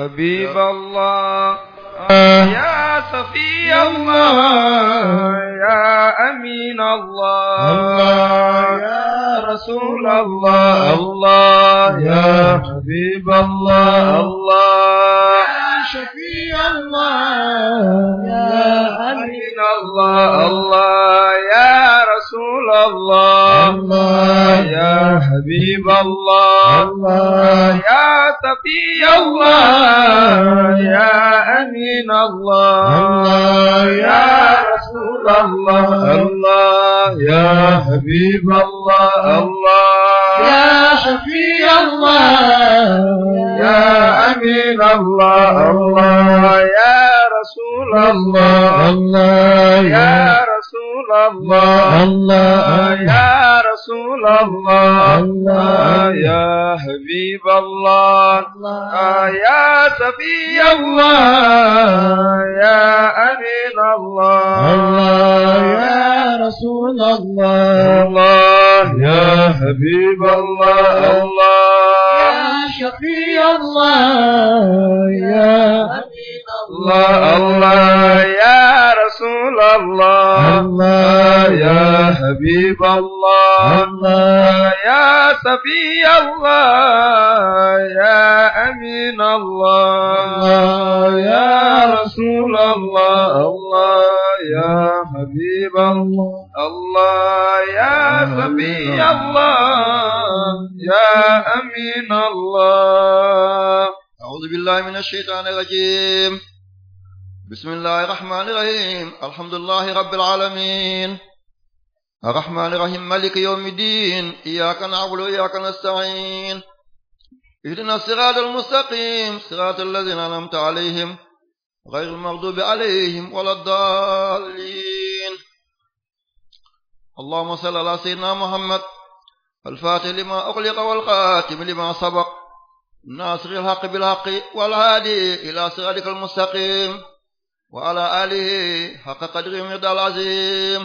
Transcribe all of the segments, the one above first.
حبيب الله يا صفي الله يا أمين الله يا رسول الله الله يا حبيب الله الله يا شفيع الله يا أمين الله الله الله الله يا حبيب الله الله يا تقي الله يا أمين الله الله يا رسول الله الله يا حبيب الله الله يا شفيع الله يا أمين الله الله يا رسول الله الله يا الله الله يا رسول الله الله يا حبيب الله يا سفي الله يا أمين الله الله يا رسول الله الله يا حبيب الله الله يا شفي الله يا أمين الله الله يا رسول الله الله يا حبيب الله الله يا صفي الله يا أمين الله يا رسول الله الله يا حبيب الله الله يا صفي الله يا أمين الله أعوذ بالله من الشيطان الرجيم bismillahi rahmaani rahiim alhamdulillahi rabbil aalamiin arrahmaani rahiim maliki yawmi diin iyyaaka na'budu wa iyyaaka nasta'iin ihdina siraatal mustaqiim siraatal laziina an'amta alayhim gayril maghduubi alayhim walad daalliin allahumma salli ala sayyidina muhammad alfaatih lima ughliqa wal xaatimi lima sabaq naasiril haqqi bil haqqi wal haadi ila siraatikal mustaqiim wa ala alihi haqqa qadrihi aziim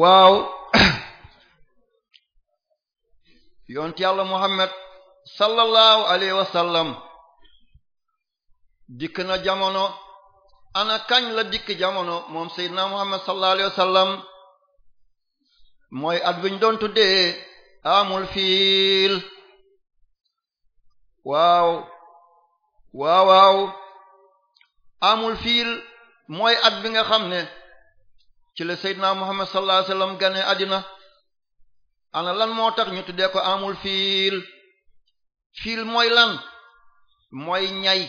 waaw yonent yàlla Muhammad sallallahu alayhi wa dikk na jamono ana kañ la dikk jamono moom Seydina Muhammad sallallahu alayhi wa sallam mooy at bi ñu doon tuddee fiil waaw waaw amul fiil mooy at bi nga xam ne ci la seydina muhammad sallallahu alayhi wasallam gane àddina ana lan moo tax ñu tuddee ko amul fiil fiil mooy lan mooy ñay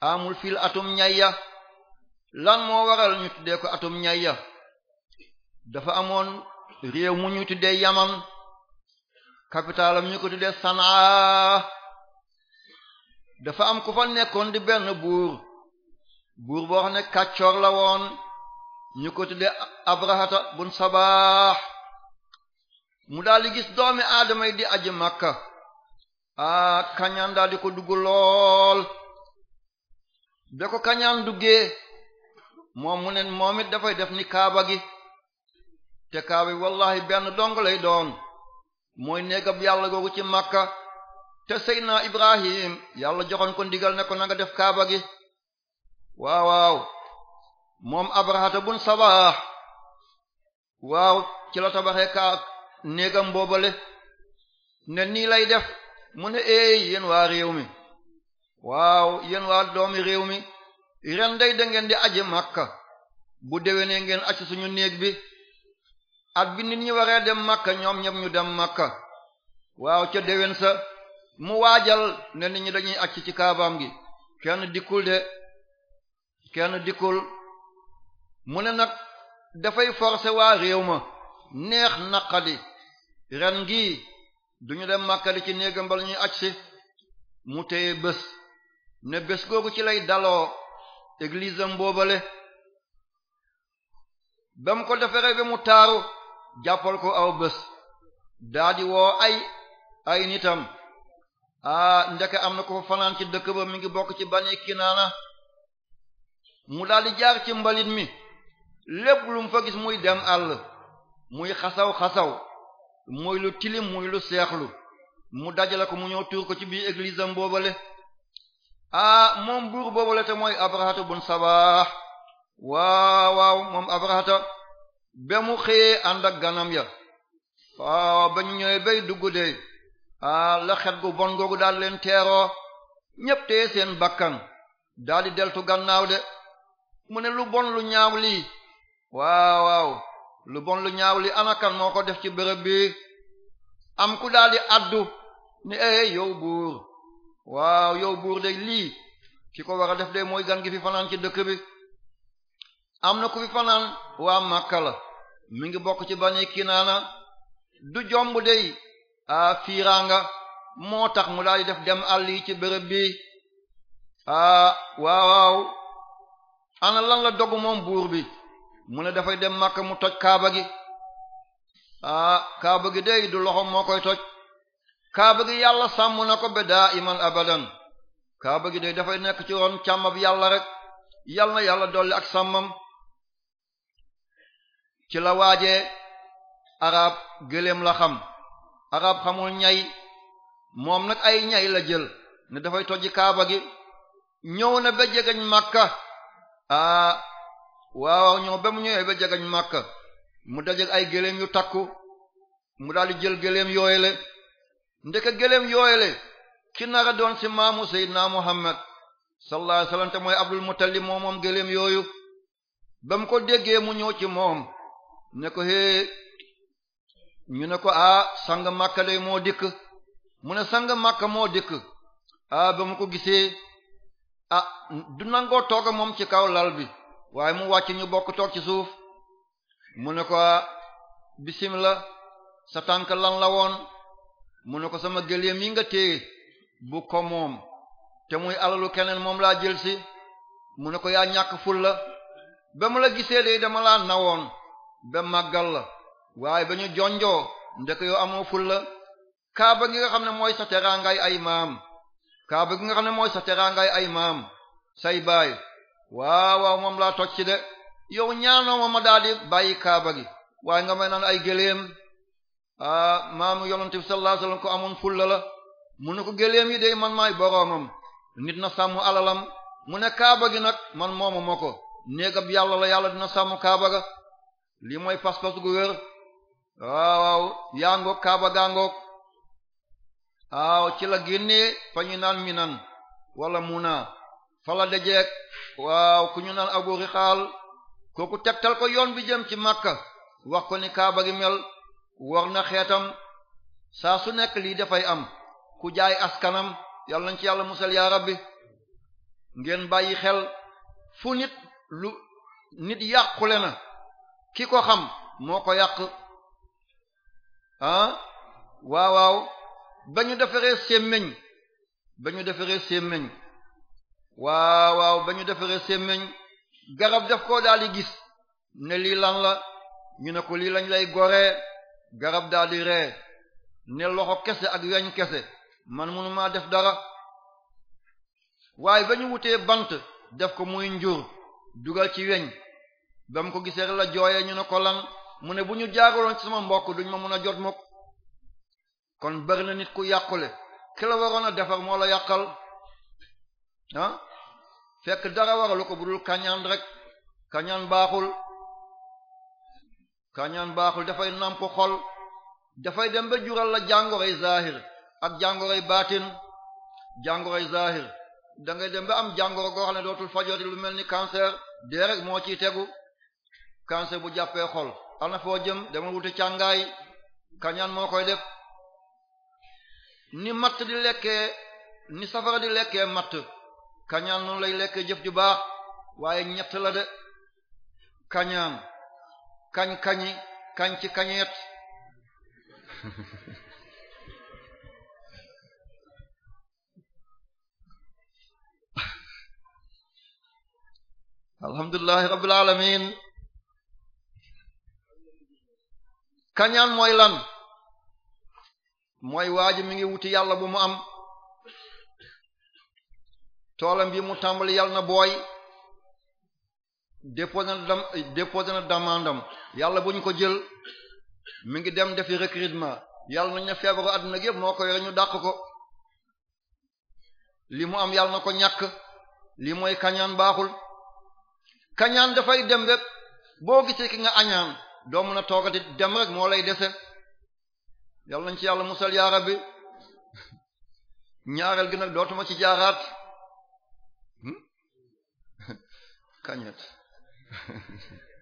amul fiil atum ñay ya lan moo waral ñu tuddee ko atum ñay ya dafa amoon réew mu ñu tuddee yaman capitalam ñu ko tuddee sanaa dafa am ku fa nekkoon di benn buur buur boo xam ne kàccoor la woon ñu ko tuddee abrahata bun sabaax mu daal di gis doomi aadama di aj màkka aa ah, kañaan daal di ko dugg lool ba ko kañaan duggee moom mu ne moom it dafay def ni kaaba gi te kaaba yi benn dong lay doon mooy néegab yàlla googu ci màkka te seydna ibrahim yàlla joxoon ko ndigal ne ko na nga def kaaba gi waaw waaw moom abrahata bun sabaax waaw ci la tabaxee kaa néegam boobale ne nii lay def mu ne eey yéen waa réew mi waaw yéen waa doomi réew mi ren day di aji màkka bu déwénee ngeen acc suñu néeg bi at bi nit ñi waree dem màkka ñoom ñëpp dem màkka waaw ca déwén mu waajal ne nit ñi dañuy acc ci kaabam gi kenn dikkul de kenn dikkul mu ne nag dafay forcer waa réew ma neex naqadi ren gii duñu dem màkkadi ci néegam bala ñuy acc si mu téye bés ne bés googu ci lay daloo église am bam ko deferee ba mu taaru jàppal ko aw bës daadi woo ay ay nitam ah ndeke am na ko fanaan ci dëkk ba mi ngi bokk ci bani kinaana mu daldi jaar ci mbalit mi lépp lu mu fa gis muy dem àll muy xasaw xasaw muy lu tilim muy lu seexlu mu dajale ko mu ñëw tuur ko ci biir église am boobale ah moom buur boobale te mooy abrahata bun sabaax waaw waaw moom abrahata ba mu xëyee ànd ak ganam ya waaw ba ñu ñëwee bay dugg de ah la xet gu bon googu daal leen teeroo ñépp teye seen bakkan daal di deltu gannaaw de mu ne lu bon lu ñaaw lii waaw waaw lu bon lu ñaaw li anakan moo ko def ci bërëb bi am ku daal di addu ni eh yow buur waaw yow buur de lii ki ko war def de mooy gan gi fi fanaan ci dëkk bi am na ku fi fanaan waa Makka mi ngi bokk ci bani Kinaana du jomb dey fiiraanga moo tax mu daal di def dem àll yi ci bërëb bi ah waaw ana lan la dogu moom buur bi mu ne dafay dem Makka mu toj kaaba gi ah kaaba gi day du loxo moo koy toj kaaba gi yàlla sàmm na ko ba daa abadan kaaba gi day dafay nekk ci ron càmmab yàlla rek yàlla yàlla dolli ak sàmmam ci la waaje arab gëléem la xam arab xamul ñay moom nag ay ñay la jël ne dafay tojji kaaba gi ñëw na ba jegañ màkka aa ah, waaw ñëw ba mu ñëwee ba jegañ màkka mu dajeg ay gëléem yu takku mu daal di jël gëléem yooyele ndeke gëléem yooyele ki nara doon si maamu seydina muhammad sallallahu alayhi wasallam te mooy abdul muttalib moomoom moom gëléem yooyu ba mu ko déggee mu ñëw ci moom ne ko hee ñu ne ko ah sang Makka day moo dikk mu ne sang Makka moo dikk ah ba mu ko gisee a ah, du nangoo toog moom ci kaw lal bi waaye mu wàcc ñu bokk toog ci suuf mu ne ko ah bismillah sa tànk lan la woon mu ne ko sama gëléem yi nga téye bu ko moom te muy alalu keneen moom laa jël si mu ne ko yaa ñàkk ful la ba mu la gisee de dama laa woon ba màggal la waaye ba ñu jonjoo ndek yoo amoo fulla kaaba gi nga xam ne mooy sa teraangaay ay maam kaaba gi nga xam ne mooy sa teraangaay ay maam say baay waaw waaw moom laa toj ci de yow ñaanoo ma ma daal di bàyyi kaaba gi waaye nga may naan ay gëléem ah maamu yonent bi sallallahu ko amoon fulla la mu ne ko gëléem yi de man maay boroomam nit na sàmm alalam mu ne kaaba gi nag man moomu ma ko néegab yàlla la yàlla dina sàmm kaaba ga lii mooy pas gu wér waaw waaw yaa ngoog kaaba gaa ngoog waaw ci la génnee fa ñu naan minan walla muna fala dajeek waaw ku ñu naan abu rixaal kooku tegtal ko yoon bi jëm ci makka wax ko ni kaaba gi mel war na xeetam saa su nekk lii dafay am ku jaay askanam yàlla nañ ci yàlla musal yaa rabbi ngeen bàyyi xel fu nit lu nit yàqule na ki ko xam moo ko yàq ah waaw waaw ba ñu defaree sémmiñ ba ñu defaree sémmiñ waaw waaw ba ñu defaree sémmiñ garab def koo daal gis ne lii lan la ñu ne ko lii lañ lay goree garab daal ree ne loxo kese ak weñ kese man mënu def dara waaye ba ñu wutee bant def ko muy njur dugal ci weñ ba mu ko gisee la jooyee ñu ne ko lan mu ne bu ñu jaaraloon ci sama mbokk duñ ma mën a jot mukk kon bëri na nit ku yàqule ki la waroon a defar moo la yàqal ah fekk dara waralu ko bu dul kañaan rek kañaan baaxul kañaan baaxul dafay nàmp xol dafay dem ba jural la jàngoroy zahir ak jàngoroy baatin jàngoroy zahir da ngay dem ba am jàngoro goo xam ne dootul fajooti lu mel ni cancer dee moo ciy tegu cancer bu jàppee xol ana foo jëm dama wuti càngaay kañaan moo koy def ni matt di lekkee ni safara di lekkee matt kañaan noonu lay lekkee jëf ju baax waaye ñett la de kañaan kañ-kañi kañ ci kañeet alhamdulillahi rabbil alamin kañaan mooy lan mooy waa ji mi ngi wuti yàlla bu mu am toolam bi mu tàmbali yàlla na booy déposé na dam déposé yàlla bu ñu ko jël mi ngi dem defi recrutement yàlla nañ ne feebaru àdduna gi yëpp moo ko yore ñu dàq ko li mu am yàlla na ko ñàkk li mooy kañaan baaxul kañaan dafay dem bépp boo gisee ki nga añaan doo mun a toogati dem rek moo lay dese yàlla nañ ci yàlla musal yaa rabbi ñaareel gi nag dootuma ci jaaraat hmm? kañet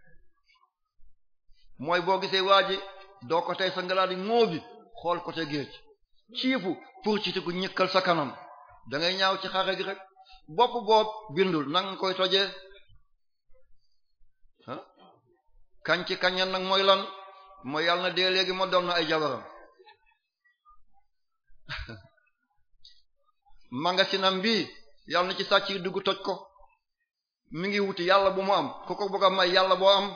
mooy boo gisee waa ji doo ko tey sa ngalaa di ŋóobi xool côté géej ciifu pour ci tigu ñëkkal sa kanam ñaaw ci xare gi rek bopp bindul nang koy tojee kañ kaña kañan nag mooy lan mooy na dee léegi ma doon na ay jabaram magasinam bi yàlla na ci sàcc dugg toj ko mi ngi wuti yàlla bu mu am ku ko bëgg may yàlla boo am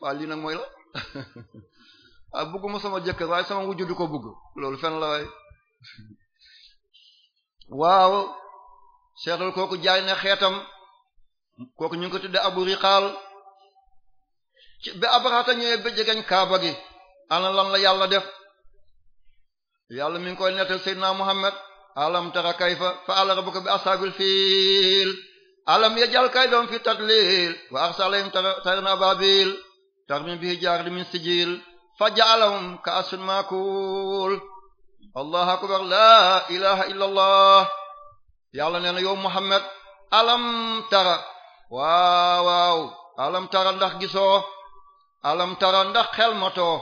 waa lii nag mooy la ah bëgguma sama jëkkër waaye sama wujju du ko bëgg loolu fen la waaw seetal kooku jaay na xeetam kooku ñu ngi ko tudde abu riqaal ba abraxata ñëwee ba jegeñ kaaba gi ana lan la yàlla def yàlla mi ngi koy nettal seydina muhammad alam tara kayfa fa'ala rabbuka bi ashabil fiil alam yaj'al kaydahum fi tadlil wa arsalayhim tayran ababil tarmim bihi jaardi min sijil fa ja'alahum ka'asin maakul allahu akbar la ilaha illa allah yàlla nee na muhammad alam tara waaw alam tara ndax alam tara ndax xel matoo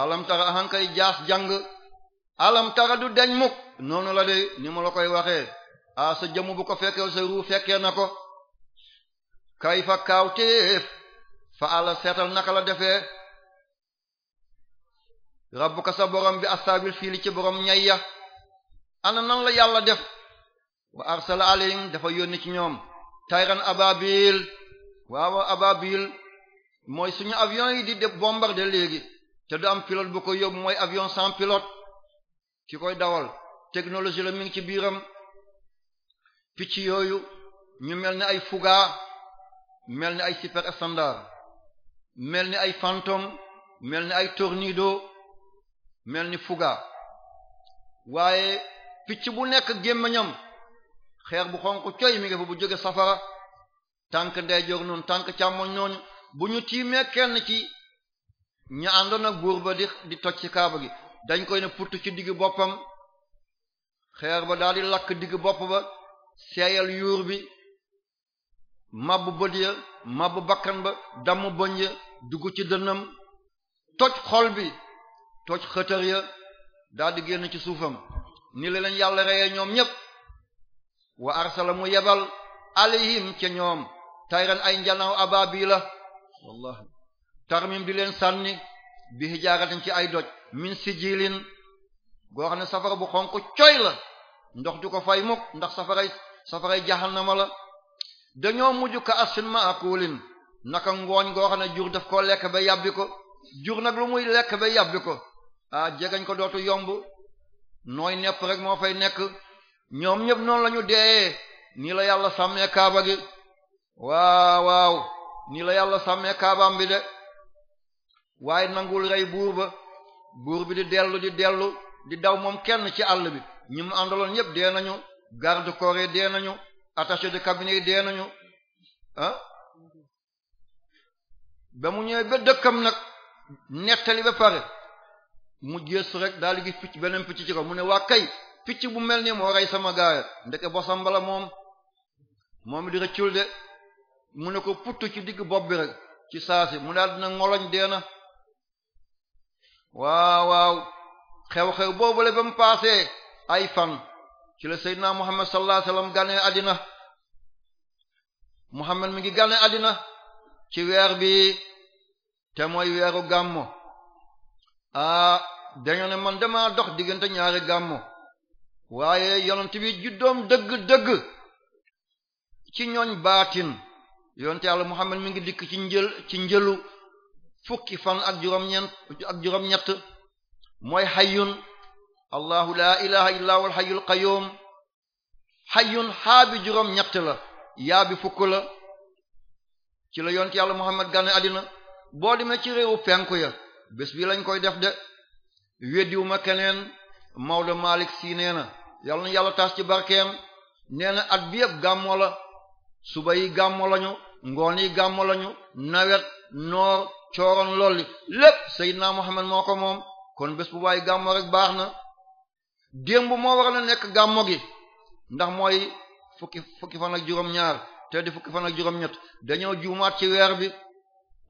alam tara ahankay jaas jàng alam tara du deñ mukk noonu la de ni mu la koy waxee a sa jëmm bu ko fekkee sa ruu fekkee na ko kay fa kaawtéef fa ala seetal naka la defee rabbuka sa borom bi astaabil fii li ci borom ñayya ana nan la yàlla def wa arsala alayhim dafa yónni ci ñoom tayran ababil waawa ababil mooy suñu avion yi di de bombarder léegi te du am pilote bu ko yóbbu mooy avion sans pilote ki koy dawal technologie la mi ngi ci biiram picc yooyu ñu mel ni ay Fouga mel ni ay super standard mel ni ay fantom mel ni ay Tornado mel ni Fouga waaye picc bu nekk gémmiñam xeex bu xonq coy mi fa bu jóge safara tànk ndeyjoor noonu tànk càmmoñ noonu bu ñu tiimee kenn ci ñu àndoon ak buur ba di di toj ci kaaba gi dañ koy ne put ci digg boppam xeer ba daal di lakk digg bopp ba seeyal yuur bi màbb bët ya màbb bakkan ba damm bëñ ya dugg ci dënnam toj xol bi toj xëtër ya daal di génn ci suufam ni la leen yàlla reyee ñoom ñépp wa arsala mu yebal alayhim ca ñoom tayran ay njanaaw ababila wallahi tarmim di leen sànni bi hijaaratin ci ay doj min sijilin goo xam ne safara bu xonq coy la ndox du ko fay mukk ndax safaray safaray ma la dañoo mujj ka asin maakulin naka ngooñ goo xam ne jur daf koo lekk ba yàbbi ko jur nag lu muy lekk ba yàbbi ko a ah, jegañ ko dootu yomb nooy nepp rek moo fay nekk ñoom ñëpp noonu lañu deeyee nii la yàlla sàmmee kaaba gi waaw waaw nii la yàlla sàmmee kaabaam bi de waaye nangul rey buur ba buur bi di dellu di dellu di daw moom kenn ci àll bi ñum mu àndaloon yépp dee nañu garde corps yi dee nañu attaché de cabinet yi dee nañu ah? ba mu ñëwee ba dëkkam nag nettali ba pare mu gëstu rek daal di gis picc beneen picc ci kaw mu ne waa kay picc bu mel nii moo rey sama gaaya ndeke bosam bala moom moom di rëccul de mu ne ko putt ci digg bopp bi rek ci saasi mu daal dina ngoloñ dee na waaw waaw xew-xew boobule ba mu paase ay fan ci la seydina muhammad sallallahu alayhi gane àddina muhammad mi ngi gane àddina ci weer bi te mooy weeru gàmmo aa dañu ne man dama dox diggante ñaari gàmmo waaye yonent bi juddoom dëgg dëgg ci ñooñ baatin yonte yàlla Muhammad mi ngi dikk ci njël ci njëlu fukki fan ak juróom-ñeent ñett mooy xayyun allahu la ilaha illa huwal xayyul qayyum xayyun xaa bi juróom-ñett la yaa bi fukk la ci la yonte yàlla Muhammad gane àddina boo demee ci réewu penku ya bés bi lañ koy def de weddiwuma keneen Maodo Malick si nee na yàlla na taas ci barkeem nee na at bi yëpp gàmmo la suba yi gàmmo lañu ngoon yi gàmmo lañu nawet noor cooroon lolli lépp Seydina Muhammad moo ko moom kon bés bu waay gàmmo rek baax na démb moo waroon a nekk gàmmo gi ndax mooy fukki fukki fan ak juróom-ñaar te di fukki fan ak juróom-ñett dañoo juumaat ci weer bi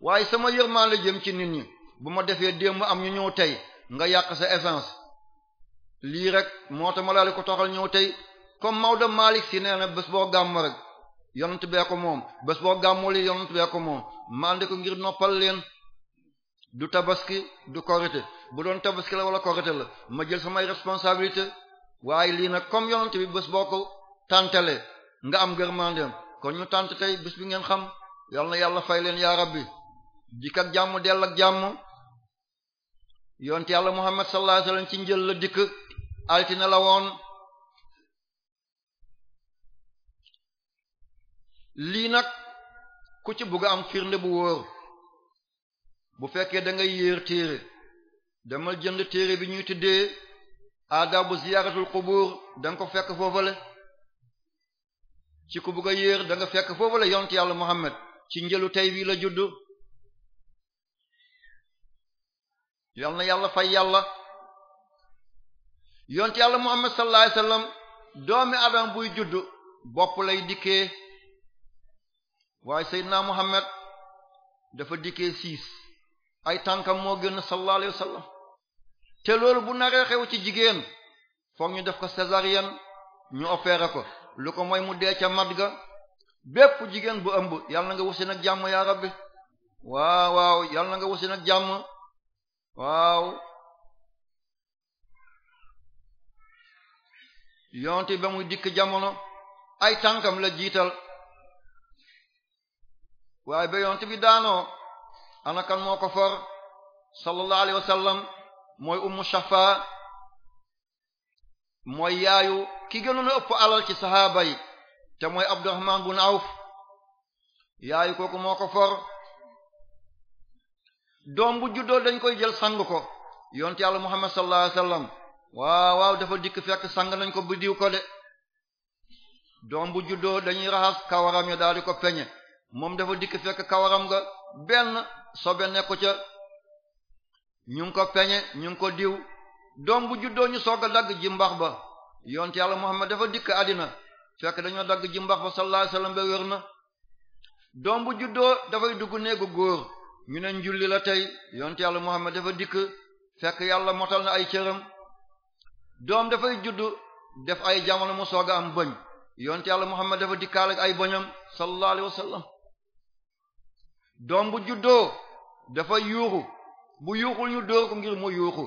waaye sama yërmaan la jëm ci nit ñi bu ma defee démb am ñu ñëw tey nga yàq sa essence lii rek moo tax ma laal ko toxal ñëw tey comme Maodo Malick si nee na bés boo gàmm rek yonent bee ko moom bés boo gàmmuli yonent bee ko moom mandi ko ngir noppal leen du tabaski du korite bu doon tabaski la wala korite la ma jël samay responsabilité waaye lii nag comme yonent bi bés boo ko tàntale nga am gërmandeem kon ñu tànt tey bés bi ngeen xam yal na yàlla fay leen yaa rabbi dikk ak jàmm dell ak jàmm yonent yàlla Muhammad sallallahu alayhi ci njël la dikk altine la woon lii nag ku ci bugg am firnde bu wóor bu fekkee danga nga yéer téere demal jënd téere bi ñuy tuddee aadabu ziyaaratul qubur da ko fekk foofale ci ku bugg a yéer da fekk foofale yonent yàlla Muhammad ci njëlu tey bii la juddu yal na yàlla fay yàlla yonent yàlla Muhammad sallallahu alayhi wasallam doomi adam buy juddu bopp lay dikkee waaye naa Muhammad dafa dikkee siis ay tànkam moo génn sallallahu alayhi te loolu bu naree xew ci jigéen foog ñu def ko césarienne ñu opéré ko lu ko mooy mu dee ca mat ga bépp jigéen bu ëmb yàlla na nga wusi nag jàmm yaa rabbi waaw nga wusi jàmm waaw yonte ba muy dikk jamono ay tànkam la jiital waaye ba yonent bi daanoo ana kan moo ko for sallallahu alayhi wa mooy ummu shafa mooy yaayu ki gënoon a ëpp alal ci saxaaba yi te mooy abdurrahman bun awf yaayu kooku moo ko for doom bu juddoo dañ koy jël sang ko yonent yàlla muhammad sallallahu alayhi wa sallam waaw waaw dafa dikk fekk sang nañ ko bu diw ko de doom bu juddoo dañuy raxas kawaram ya daal di ko moom dafa dikk fekk kawaram nga benn sobe nekku ca ñu ngi ko peñe ñu ngi ko diw doom bu juddoo ñu soog a dagg ji mbax ba yonte yàlla Muhammad dafa dikk àddina fekk dañoo dagg jimbax ba sallallahu alayhi wasallam ba na doom bu juddoo dafay dugg néegu góor ñu ne njulli la tey yonte yàlla Muhammad dafa dikk fekk yàlla motal na ay cëram doom dafay judd def ay jamono mu soog a am bëñ yonte yàlla Muhammad dafa dikkaale ak ay bëñam sallallahu alayhi doom bu juddoo dafa yuuxu bu yuuxul ñu dóor ko ngir mu yuuxu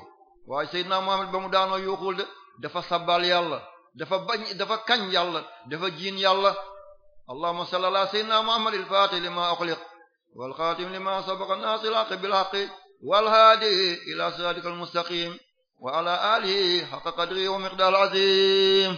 waaye Seydina Muhammad ba mu daanoo yuuxul de dafa sabbal yàlla dafa bañ dafa kañ yàlla dafa jiin yàlla allahumma salli ala Seydina Muhammad al-fatih lima ughliq wal khatim lima sabaqa nasil haqq bil haqq wal hadi ila siratikal mustaqim wa ala alihi haqqa wa miqdaril azim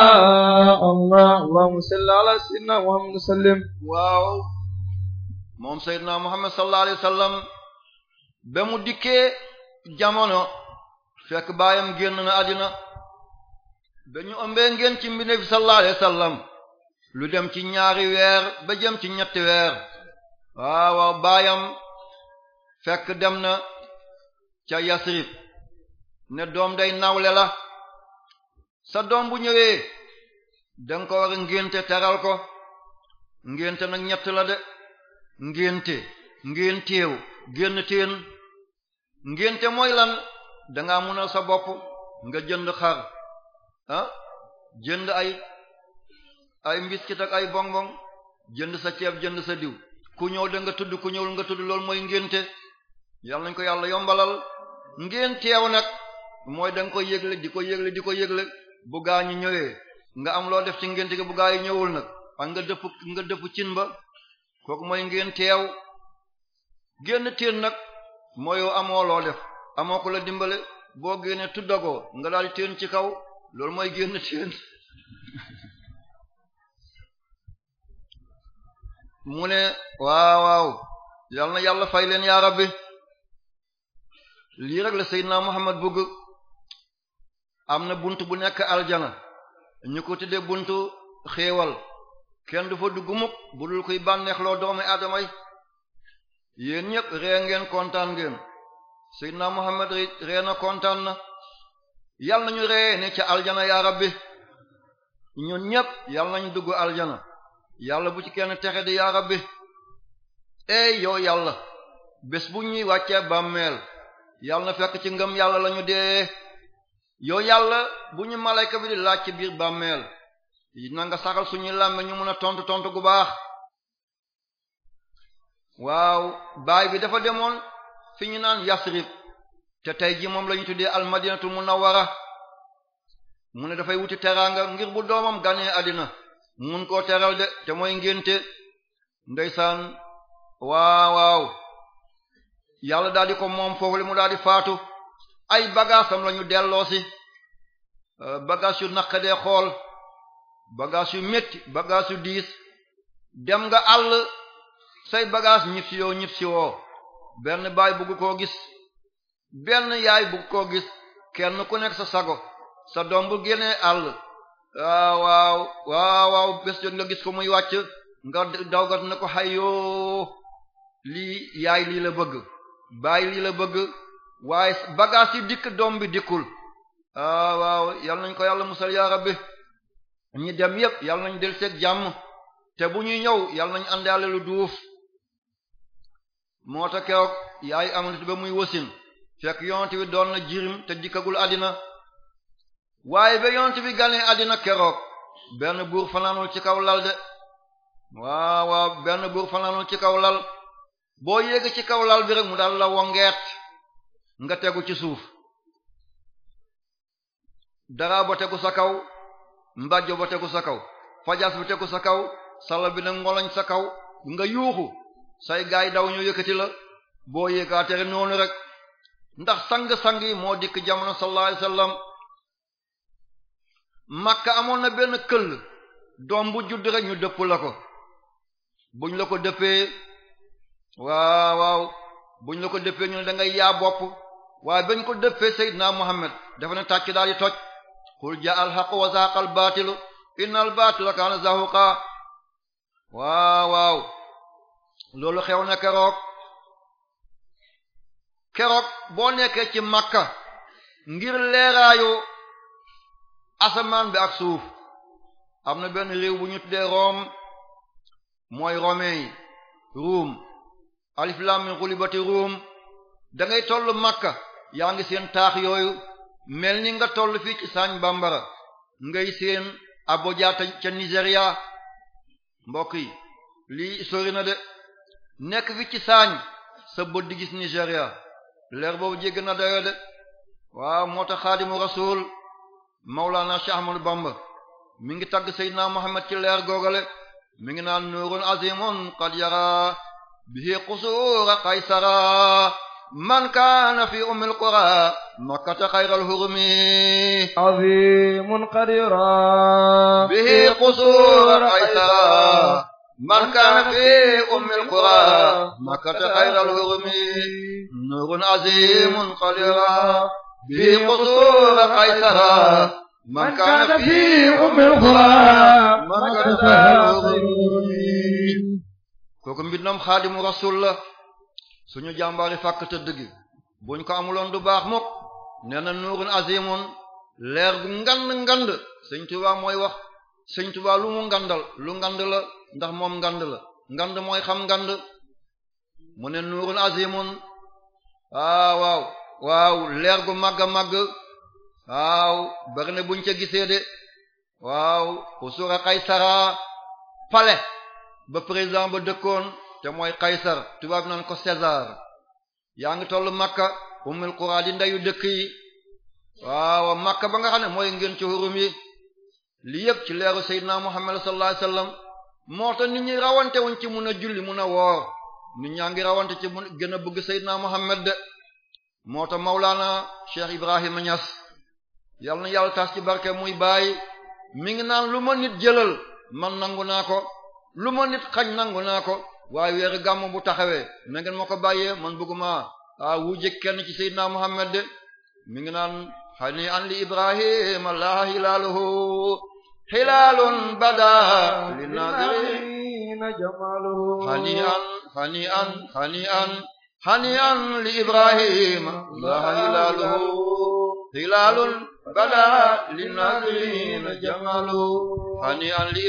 allah allahumma salli ala sayyidina muhammad waaw moom sayyidina muhammad sallallahu alayhi wa mu dikkee jamono fekk baayam génn na àddina ba ñu ëmbee ngeen ci mbinde bi sallallahu lu dem ci ñaari weer ba jëm ci ñetti weer waaw waaw baayam fekk dem na ca Yasrib ne doom day nawle la sa doom bu ñëwee danga ko war a ngénte teral ko ngénte nag ñett la de ngénte ngénteew génn teen ngénte mooy lan dangaa munal sa bopp nga jënd xar ah jënd ay ay ci ak ay bonbon jënd sa ceeb jënd sa diw ku ñëw da nga tudd ku ñëwul nga tudd loolu mooy ngénte yàlla nañ ko yàlla yombalal ngénteew nag mooy danga ko yëgle di ko yëgle di ko yëgle bu gaa ñu ñëwee nga am loo def ci ngénte gi bu gaa yi ñëwul nag ak nga dëpp nga dëpp cin ba kooku mooy ngéen teew génn teen nag mooy amoo loo def amoo ko la dimbale boo génnee tuddagoo nga daal di teen ci kaw loolu mooy génn teen mu ne waaw waaw yal na yàlla fay leen yaa rabbi lii rek la muhammad bëgg am na bunt bu nekk aljana ñu ko tudde buntu xéewal kenn du fa dugg mukk bu dul kuy bànneexloo doomi aadama yi yéen ñépp ree ngeen kontaan ngeen seydina muhammad ree na kontaan na yàlla nañu ree ne ca aljana ya rabbi ñun ñépp yàlla nañu dugg aljana yàlla bu ci kenn texe di ya bi ey yow yàlla bés bu ñuy wàccee bàmmeel yàlla na fekk ci ngëm yàlla lañu dee yow yàlla bu ñu malayka bi di laaj ci biir bàmmeel na nga saxal suñuy làmme ñu mën a tontu tontu gu baax waaw baay bi dafa demoon fi ñu naan yasrib te tey ji moom la ñu tuddee almadinatu munawwara mu ne dafay wuti teraanga ngir bu doomam ganee àddina mun koo teral de te mooy ngénte ndeysaan waaw yàlla daal di ko moom foofu le mu daal faatu ay bagaasam lañu delloosi euh, bagaas yu naqadee xool bagaas yu métti bagaas yu diis dem nga àll say bagaas ñib si yoo ñib benn baay bugg koo gis benn yaay bugg koo gis kenn ku nekk sa sago sa doom bu génnee àll ah, waaw waaw waaw waaw jot nga gis ko muy wàcc nga dawgat na ko xayoo lii yaay lii la bëgg baay lii la bëgg waaye bagage yi dikk doom bi dikkul ah waaw yàlla nañ ko yàlla musal yaa rabbi ñu dem yëpp yàlla nañ del seeg jàmm te bu ñuy ñëw yàlla nañ àndaale lu duuf moo tax keroog yaay amul ba muy wasin fekk yonent bi doon na jirim te dikkagul àddina waaye ba yonent bi ganee àddina keroog benn buur fanaanul ci kaw lal de waaw benn buur fanaanul ci kaw lal boo yéeg ci kaw lal bi rek mu daal la wongeet nga tegu ci suuf dara ba tegu sa kaw mbàjjo ba tegu sa kaw fajaas bi tegu sa kaw sala bi na ngoloñ sa kaw nga yuuxu say gaay daw ñu yëkkati la boo yëkkaatere noonu rek ndax sang-sang yi moo dikk jamono sallallahu alayhi wasallam makka amoon na benn këll doom bu judd rek ñu dëpp la ko buñ la ko dëppee waaw waaw buñ la ko dëppee ñu ne da ngay yaa bopp waa bañ ko dëppee Seydina Muhammad dafa ne tàcc daal di toj qul jaa alxaqu wa zaaqal baatilu innal baatila kaana zahuqa waaw waaw loolu xew na keroog keroog boo nekkee ci Makka ngir leeraayu asamaan bi ak suuf am na benn réew bu ñu tuddee Rome mooy romain yi Ruum alif lam min Ruum da ngay Makka yaa ngi seen taax yooyu mel ni nga toll fii ci saañ bambara ngay seen Abuja ca Nigeria mbokk yi lii sori na de nekk fi ci saañ sa bët di gis Nigeria leer boobu jégg na dayo de waaw moo tax xaadimu rasul Mawlana Cheikh Ahmadou Bamba mi ngi tagg Seydina Muhammad ci leer googale mi ngi naan nuurun azimun qad yara bihi qusura qaysara man kaana fi ummil qura makkata xayral hurmi azimun qadira bihi qusuur aysara man kaana fi ummil qura makkata xayral hurmi nuurun azimun qadira bihi qusuur aysara man kaana fi ummil qura makkata xayral hurmi kooku mbindam xaadimu rasul la suñu jàmbaari fàkk tëdd gi buñ ko amuloon du baax mokk nee na nuurun azimun leer gu ngand ngand sëñ Tuba mooy wax sëñ Tuba lu mu ngandal lu ngand la ndax moom ngand la ngand mooy xam ngand mu ne nuurun azimun ah waaw waaw leer gu màgg a màgg waaw bari na buñ ca gisee de waaw usura Kaysara pale ba président ba dëkkoon te mooy kaysar tubaab naan ko César yaa ngi toll makka ummul qura di ndeyu dëkk yi waaw makka ba nga xam ne mooy ngeen ci xurum yi li yëpp ci leeru seydina muhammad sallallahu moo tax nit ñi rawante wuñ ci mun a julli mun a woor nit ñaa ngi rawante ci gën a bëgg seydina muhammad de moo tax mawlaana cheikh ibrahima ñas yal na yàlla taas ci barke muy bàyyi mi ngi naan lu ma nit jëlal man nangu naa ko lu ma nit xañ nangu naa ko waaye weeru gàmm bu taxawee na ngeen ma ko bàyyee man bëgguma a wujje kenn ci Seydina Muhammad de mi ngi naan hani an li Ibrahim la hilaluhu hilalun bada li nadirina jamaluhu hani li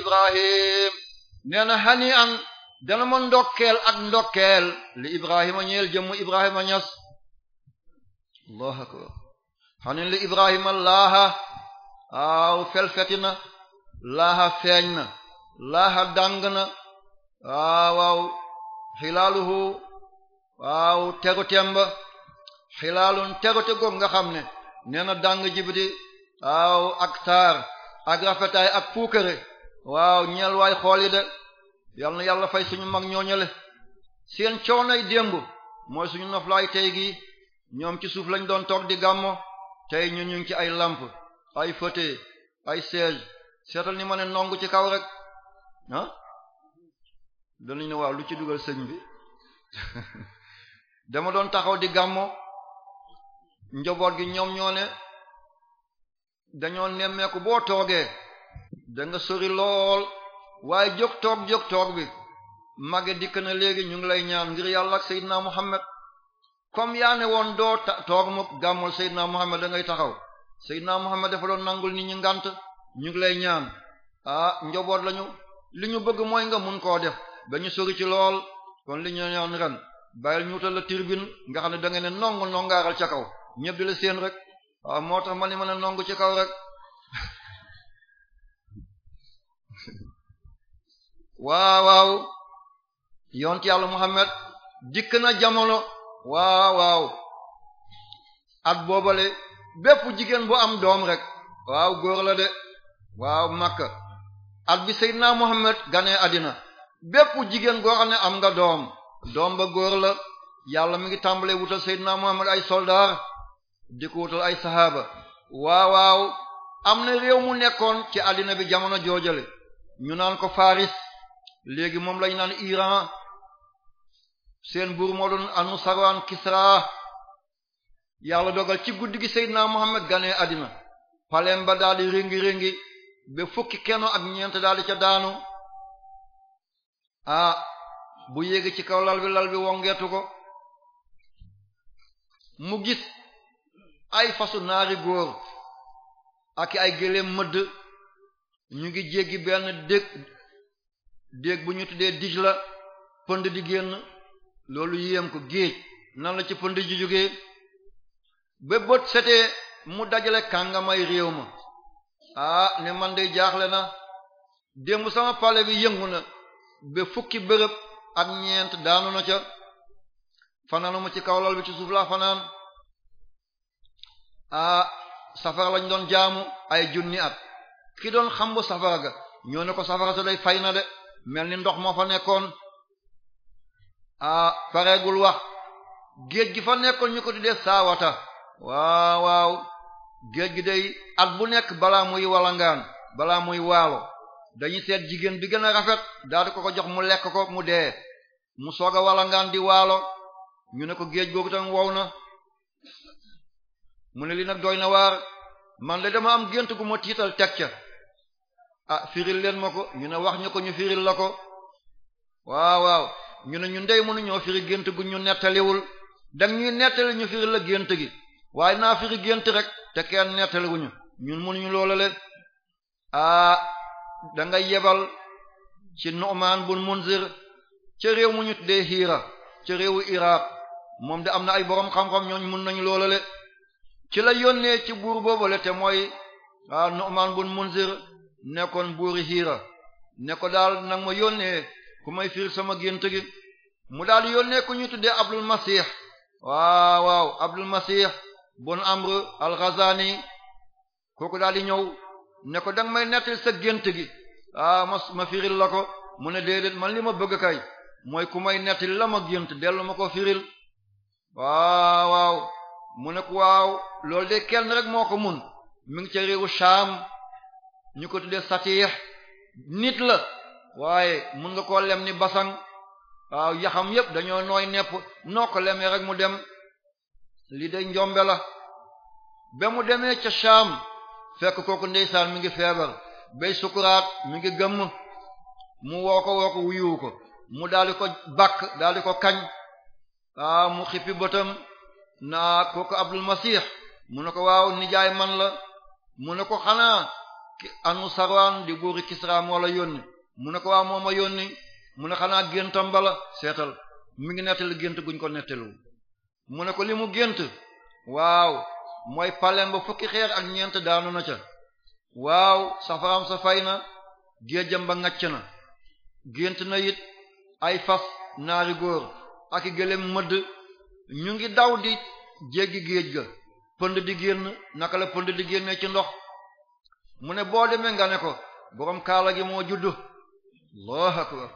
Ibrahim la hilaluhu dana ma ndokkeel ak ndokkeel li ibrahima ñeel jëmm ibrahima ñas allah akbar xanin li ibrahima laaha aaw felfeti laaha feeñ laaha dàng na waaw xilaaluhu waaw teru temba xilaalun terute goog nga xam ne nee na jibiti waaw ak taar ak rafetaay ak puukare waaw ñeel waay xooli de yal yàlla fay suñu mag ñooñale seen coonay démb mooy suñu noflaay tey gi ñoom ci suuf lañ doon toog di gàmmoo tey ñu ñu ngi ci ay làmp ay fauteuil ay siège seetal ni ma nongu ci kaw rek ah danañ lu ci dugal sëñ bi dama doon taxaw di gàmmoo njaboot gi ñoom ñoo ne dañoo nemmeeku boo toogee da sori lool waaye jóg toog jóg toog bi mage dikk na léegi ñu ngi lay ñaan ngir yàlla ak Seydina Muhammad comme yaa ne woon doo toog mu gàmmul Seydina Muhammad da ngay taxaw Seydina Muhammad dafa doon nangul nit ñi ngant ñu ngi lay ñaan ah njaboot lañu li ñu bëgg mooy nga mun koo def ba ñu sori ci lool kon li ñu ñaan ren bàyyil ñu wutal la turbine nga xam ne da nga ne nongu nongaaral ca kaw ñëpp di la seen rek waaw ah, moo tax ma ni ma ne nongu ci kaw rek waaw waaw yonent yàlla Muhammad dikk na jamono waaw waaw at boobale bépp jigéen bu am doom rek waaw góor de waaw Makka at bi Seydina Muhammad ganee àddina bépp jigéen goo xam ne am nga doom doom ba góor la yàlla mi ngi tàmbalee wutal Seydina Muhammad ay soldaar di wutal ay sahaaba waaw waaw am na réew mu nekkoon ci àddina bi jamono joojale ñu naan ko Faris léegi moom lañ naan Iran seen buur moo doon anu sarwaan Kisra yàlla dogal ci guddi gi Seydina Muhammad ganee àddina palem ba daal di ringi-ringi ba fukki keno ak ñeent daal di ca daanu ah bu yéegi ci kaw lal bi lal bi wongeetu ko mu gis ay fasu naari góor ak ay géléem mëdd mu ngi jéggi benn dég déeg bu ñu tuddee dij la pënd di génn loolu yéem ko géej nan la ci pënd ji jógee ba bët setee mu dajale kàngamay réew ma ah ne man de jaaxle na démb sama pale bi yëngu na ba fukki bërëb ak ñeent daanu na ca fanaanuma ci kawlal bi ci suuf laa fanaan ah safara lañ doon jaamu ay junni at ki doon xam bu safara ga ñoo ne ko safara sa day fay na de mel ni ndox moo fa nekkoon a pareegul wax géej gi fa nekkoon ñu ko di tuddee saawata waaw waaw géej gi day at bu nekk balaa muy wallangaan balaa muy waalo dañuy seet jigéen bi gën a rafet daal di ko ko jox mu lekk ko mu dee mu soog a wallangaan di waalo ñu ne ko géej googu tam wow na mu ne li nag doy na waar man de dama am gént gu ma tiital teg a ah, firil leen ma ko ñu ne wax ñu ko ñu firil la ko waaw waaw ñu ne ñun ndey mënuñoo firi gént gu ñu nettaliwul dang ñuy nettali ñu firil la gént gi waaye naa firi gént rek te kenn nettaliwuñu ñun mënuñu loola leen a ah, da nga yebal ci Nu'man bun Munzir ci réew mu ñu tuddee Hira ci réewu Iraq moom de am na ay boroom xam-xam ñooñ mën nañu loolale ci la yónnee ci buur boobale te mooy ah Nu'man bun Munzir nekkoon i hiira ne ko daal nag ma yónnee ku may fiir sama gént gi mu daal yónnee ku ñu tuddee abdul masih waaw waaw abdul masih bon amr al-Ghazani kooku daal di ñëw ne ko danga may nettal sa gént gi ah ma ma firil la ko mu ne déedéet ma li ma bëgg kay mooy ku may nettal la ma gént dellu ma ko firil waaw waaw mu ne ko waaw loolu de kenn rek moo ko mun mi ngi ca réewu ñu ko tuddee satiix nit la waaye mun nga koo lem ni basang waaw yaxam yépp dañoo nooy nepp noo ko lemee rek mu dem li day njombe la ba mu demee ca Shaam fekk kooku ndeysaan mi ngi feebar bay sukuraat mi ngi gëmm mu woo ko woo ko mu daldi ko bakk daldi ko kañ mu xippi bëtam naa kooku Abdul Masih mu ne ko waaw nijaay man la mu ne ko xanaa anu sarwaan di buuri Kisra moo la yónni mu ne ko waa moo ma yónni mu ne xanaa géntam bala seetal mi ngi nettali gént guñ ko nettaliwul mu ne ko li mu gént waaw mooy palem ba fukki xeer ak ñeent daanu na ca waaw safaram sa fay na géejam ba ngacc na gént na it ay fas naari góor ak gëléem mëdd ñu ngi daw di jéggi géej ga pënd di génn naka la pënd di génnee ci ndox mu ne boo demee nga ne ko boroom kaala gi moo juddu allahu akbar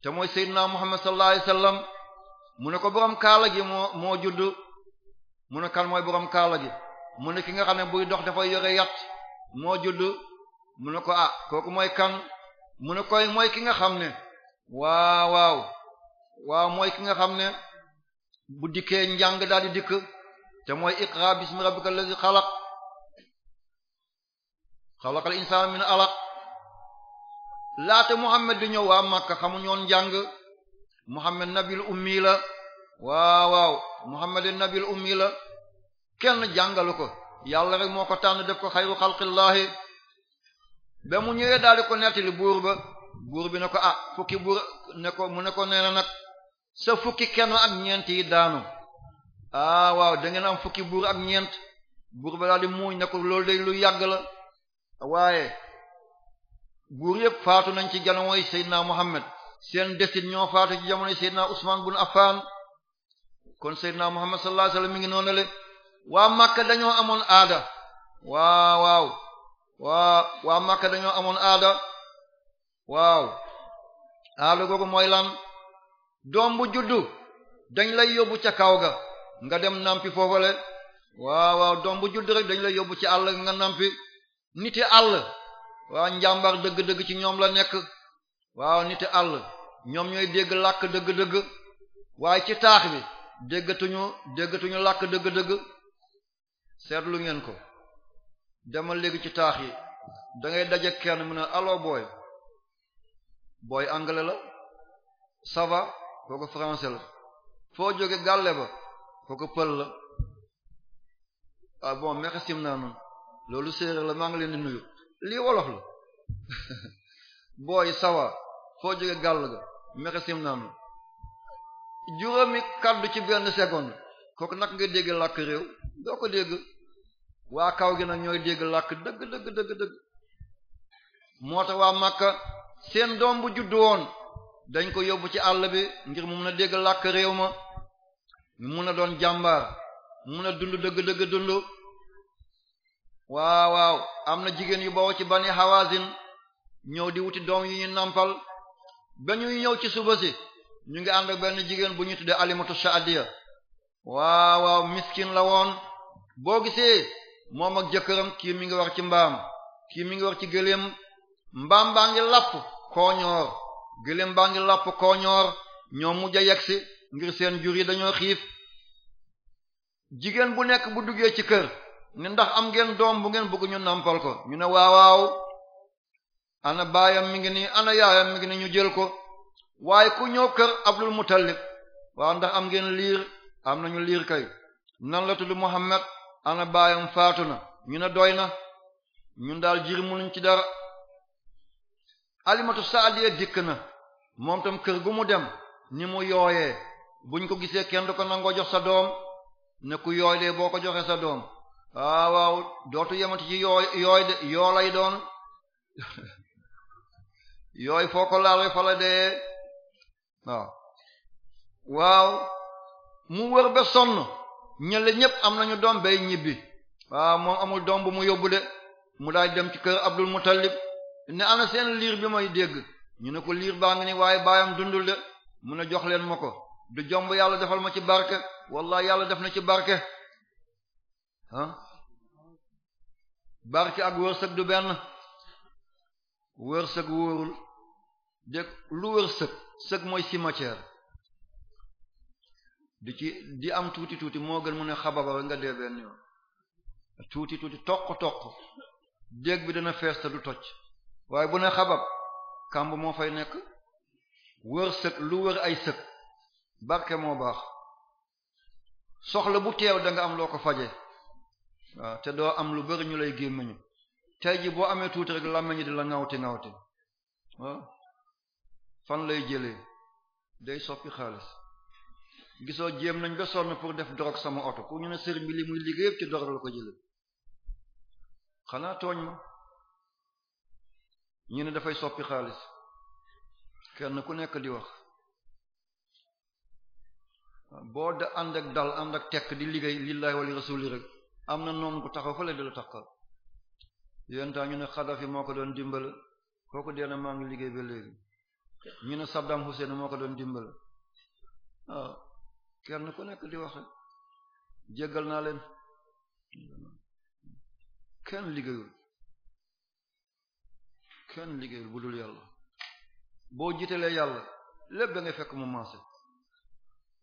te mooy seydinaa muhammad sallallahu alayhi wasallam mu ne ko boroom kaala gi moo moo juddu mu ne kan mooy boroom kaala gi mu ne ki nga xam ne buy dox dafay yore yat moo juddu mu ne ko ah kooku mooy kan mu ne koy mooy ki nga xam ne waaw waaw waaw mooy ki nga xam ne bu dikkee njàng daal di dikk te mooy iqra bismi rabbikal ladhi xalaq xalaqal insaana min alaq laata Muhammad di ñëw waa Makka xamuñu jàng njàng Muhammad nabil la waaw waaw Muhammad nabil ummi la kenn jàngalu ko yàlla rek moo ko tànn def ko xayru xalqillaahi ba mu ñëwee daal di ko nettali buur ba buur bi ne ko ah fukki buur ne mu ne ko nee nag sa fukki kenn ak ñeent yi daanu ah waaw da am fukki buur ak ñeent buur ba daal di muuñ ne ko loolu day lu yàgg la waaye buur yëpp faatu nañ ci jamonoy Seydina Muhammad seen desit ñoo faatu ci jamonoy Seydina Usmaan bun Affaan kon Seydina Muhammad sallallahu alayhi wasallam mi ngi noonu le waa Makka dañoo amoon aada waaw waaw waa waa Makka dañoo amoon aada waaw aada googu mooy lan doom bu juddu dañ lay yóbbu ca kaw ga nga dem nampi foofale waaw waaw doom bu juddu rek dañ lay yóbbu ci àll nga nampi niti àll waa njàmbar dëgg-dëgg ci ñoom la nekk waaw niti àll ñoom ñooy dégg làkk dëgg-dëgg waaye ci taax bi déggatuñu déggatuñu làkk dëgg-dëgg seetlu ngeen ko demal léegi ci taax yi dangay ngay daje kenn mu ne allo booy booy anglais la ça va kooku français la foo jóge gàlle ba kooku pël la ah bon merci naanu loolu séeréer la maa ngi leen di nuyu lii wolof la booy sawa foo jóge gàll ga mexe sim naam la juróomi kaddu ci benn seconde kooku nag nga dégg làkk réew doo ko dégg waa kaw gi nag ñooy dégg làkk dëgg dëgg moo tax waa Makka seen doom bu judd woon dañ ko yóbbu ci àll bi ngir mu mun a dégg làkk réew ma mu mun a doon jàmbaar mu mun a dund dëgg dëgg dund waaw waaw am na jigéen yu bawoo ci bani hawazin ñëw di wuti doom yu ñu nampal ba ñuy ñëw ci suba si ñu ngi ànd benn jigéen bu ñu tuddee alimatu shaadiya waaw waaw miskin la woon boo gisee moom ak jëkkëram kii mi ngi war ci mbaam kii mi ngi war ci gëléem mbaam baa ngi lapp kooñoor gëléem baa ngi lapp kooñoor ñoom mujj a yegsi ngir seen jur yi dañoo xiif jigéen bu nekk bu duggee ci kër ne ndax am ngeen doom bu ngeen bëgg ñu nampal ko ñu ne waawaaw ana baayam mi ngi nii ana yaayam mi nii ñu jël ko waaye ku ñëw kër Abdul Muttalib waaw ndax am ngeen liir am nañu liir kay nan la tudd Muhammad ana baayam faatu na ñu ne doy na ñun daal jiri munuñ ci dara alimatu saadiya dikk na moom kër gu mu dem ni mu yooyee buñ ko gisee kenn du ko nangoo jox sa doom ne ku yooy boo ko joxee sa doom waaw waaw dootu yemati ci yooy de yoo lay doon yooy foo ko laal fa la dee waaw mu wër ba sonn ñële ñëpp am nañu doom bay ñibbi waaw moom amul doom mu yóbbu de mu daay dem ci kër Abdul Muttalib ne ana seen liir bi may dégg ñu ne ko liir baa ngi ni waaye baayam dundul de mu ne jox leen ma ko du jomb yàlla defal ma ci barke wallahi yàlla def na ci barke ah barke ak wërsëg du benn wërsëg wóorul de lu wërsëg sëg mooy cimetière di ci di am tuuti tuuti moo gën mu ne xabara nga dee benn yoon tuuti tuuti toq toq déeg bi dana fees te du toj waaye bu ne xabab kàmb moo fay nekk wër sëg lu wër ay sëg barke moo baax soxla bu teew danga am loo ko faje waaw te doo am lu bari ñu lay gémmiñu tay ji boo amee tuuti rek làmmiñu di la ŋawte ŋawte waaw fan lay jëlee day soppi xaalis gisoo jéem nañ ba sonn pour def drogue sama oto pour ñu ne sëriñ bi li muy liggéey yëpp ci drogue la ko jëlee xanaa tooñ ma ñu ne dafay soppi xaalis kenn ku nekk di wax boo de ànd ak dal ànd ak tekk di liggéey lillahi wali rasuli rek am na noom ku taxaw fële di la takkal yéen ñu ne Kadhafi moo ko doon dimbal kooku dee na maa ngi liggéey ba léegi ñu ne Saddam Hussein moo ko doon dimbal ah kenn ku nekk di wax jéggal naa leen kenn liggéeyul kenn liggéeyul bu dul yàlla boo jiitalee yàlla lépp dangay fekk mu maase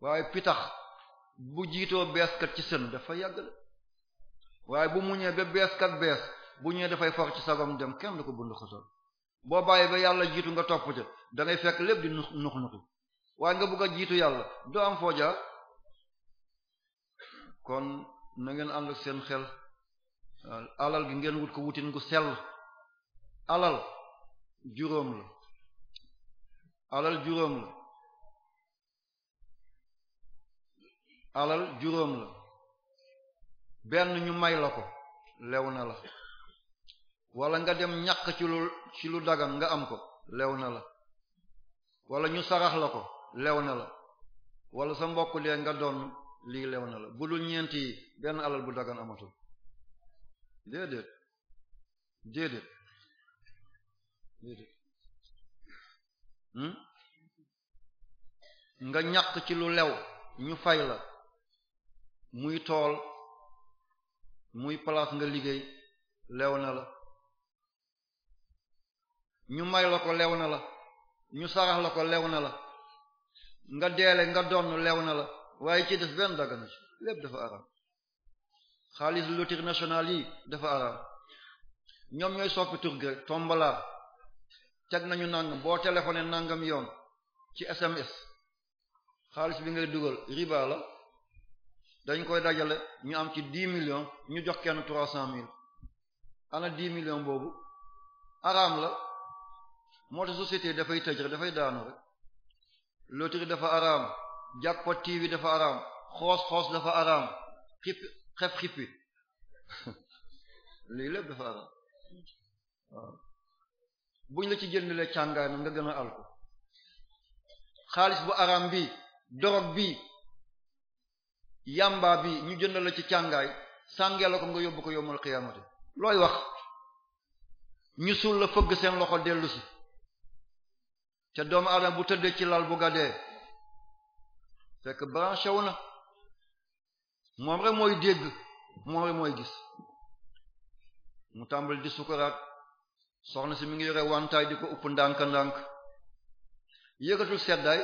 waaye pitax bu jiitoo beeskat ci sën dafa yàgg waaye bu muñee ba bees kat bees bu ñëwee dafay for ci sagom dem kenn du ko bund xatal boo bàyyi ba yàlla jiitu nga topp ca da ngay fekk lépp di nux nux nuxi waaye nga bëgg a jiitu yàlla doo am foo jaar kon na ngeen ànd seen xel alal gi ngeen wut ko wutin gu sell alal juróom la alal juróom la alal juróom la benn ñu may la ko lew na la wala nga dem ñaq ci lu ci lu dagan nga am ko lew na la wala ñu sarax la ko lew na la wala sa mbokk dee nga doon lii lew na la bu dul ñeent yi benn alal bu dagan amatul déedéet déedéet déedéet hmm nga ñàkk ci lu lew ñu fay la muy tool muy place nga liggéey leew na la ñu may la ko leew na la ñu sarax la ko leew na la nga deele nga donn leew na la waaye ci def benn dagana ci lépp dafa araam xaalis loterie nationale yi dafa araam ñoom ñooy soppi tur gi teg nañu nangam boo téléphoné nangam yoon ci SMS xaalis bi ngay dugal riba la dañ koy dajale ñu am ci dix millions ñu jox kenn trois cent mille ana dix millions boobu araam la moo tax société dafay tëj rek dafay daanu rek loterie dafa araam jackpot TV dafa araam xoos xoos dafa araam xip xef xippi lii lépp dafa araam waaw buñ la ci jëndalee càngaay nag nga gën a alko xaalis bu araam bi dorog bi yamba bi ñu jënd la ci càngaay sàngee la ko nga yóbbu ko yomul xiyaamati looy wax ñu suul la fëgg seen loxo dellusi si te doomu aadama bu tëddee ci lal bu gadee fekk branché wu na moom rek mooy dégg moom rek mooy gis mu tàmbali di sukuraat soxna si mu ngi yore wantaay di ko upp ndànk-ndànk yëgatul seddaay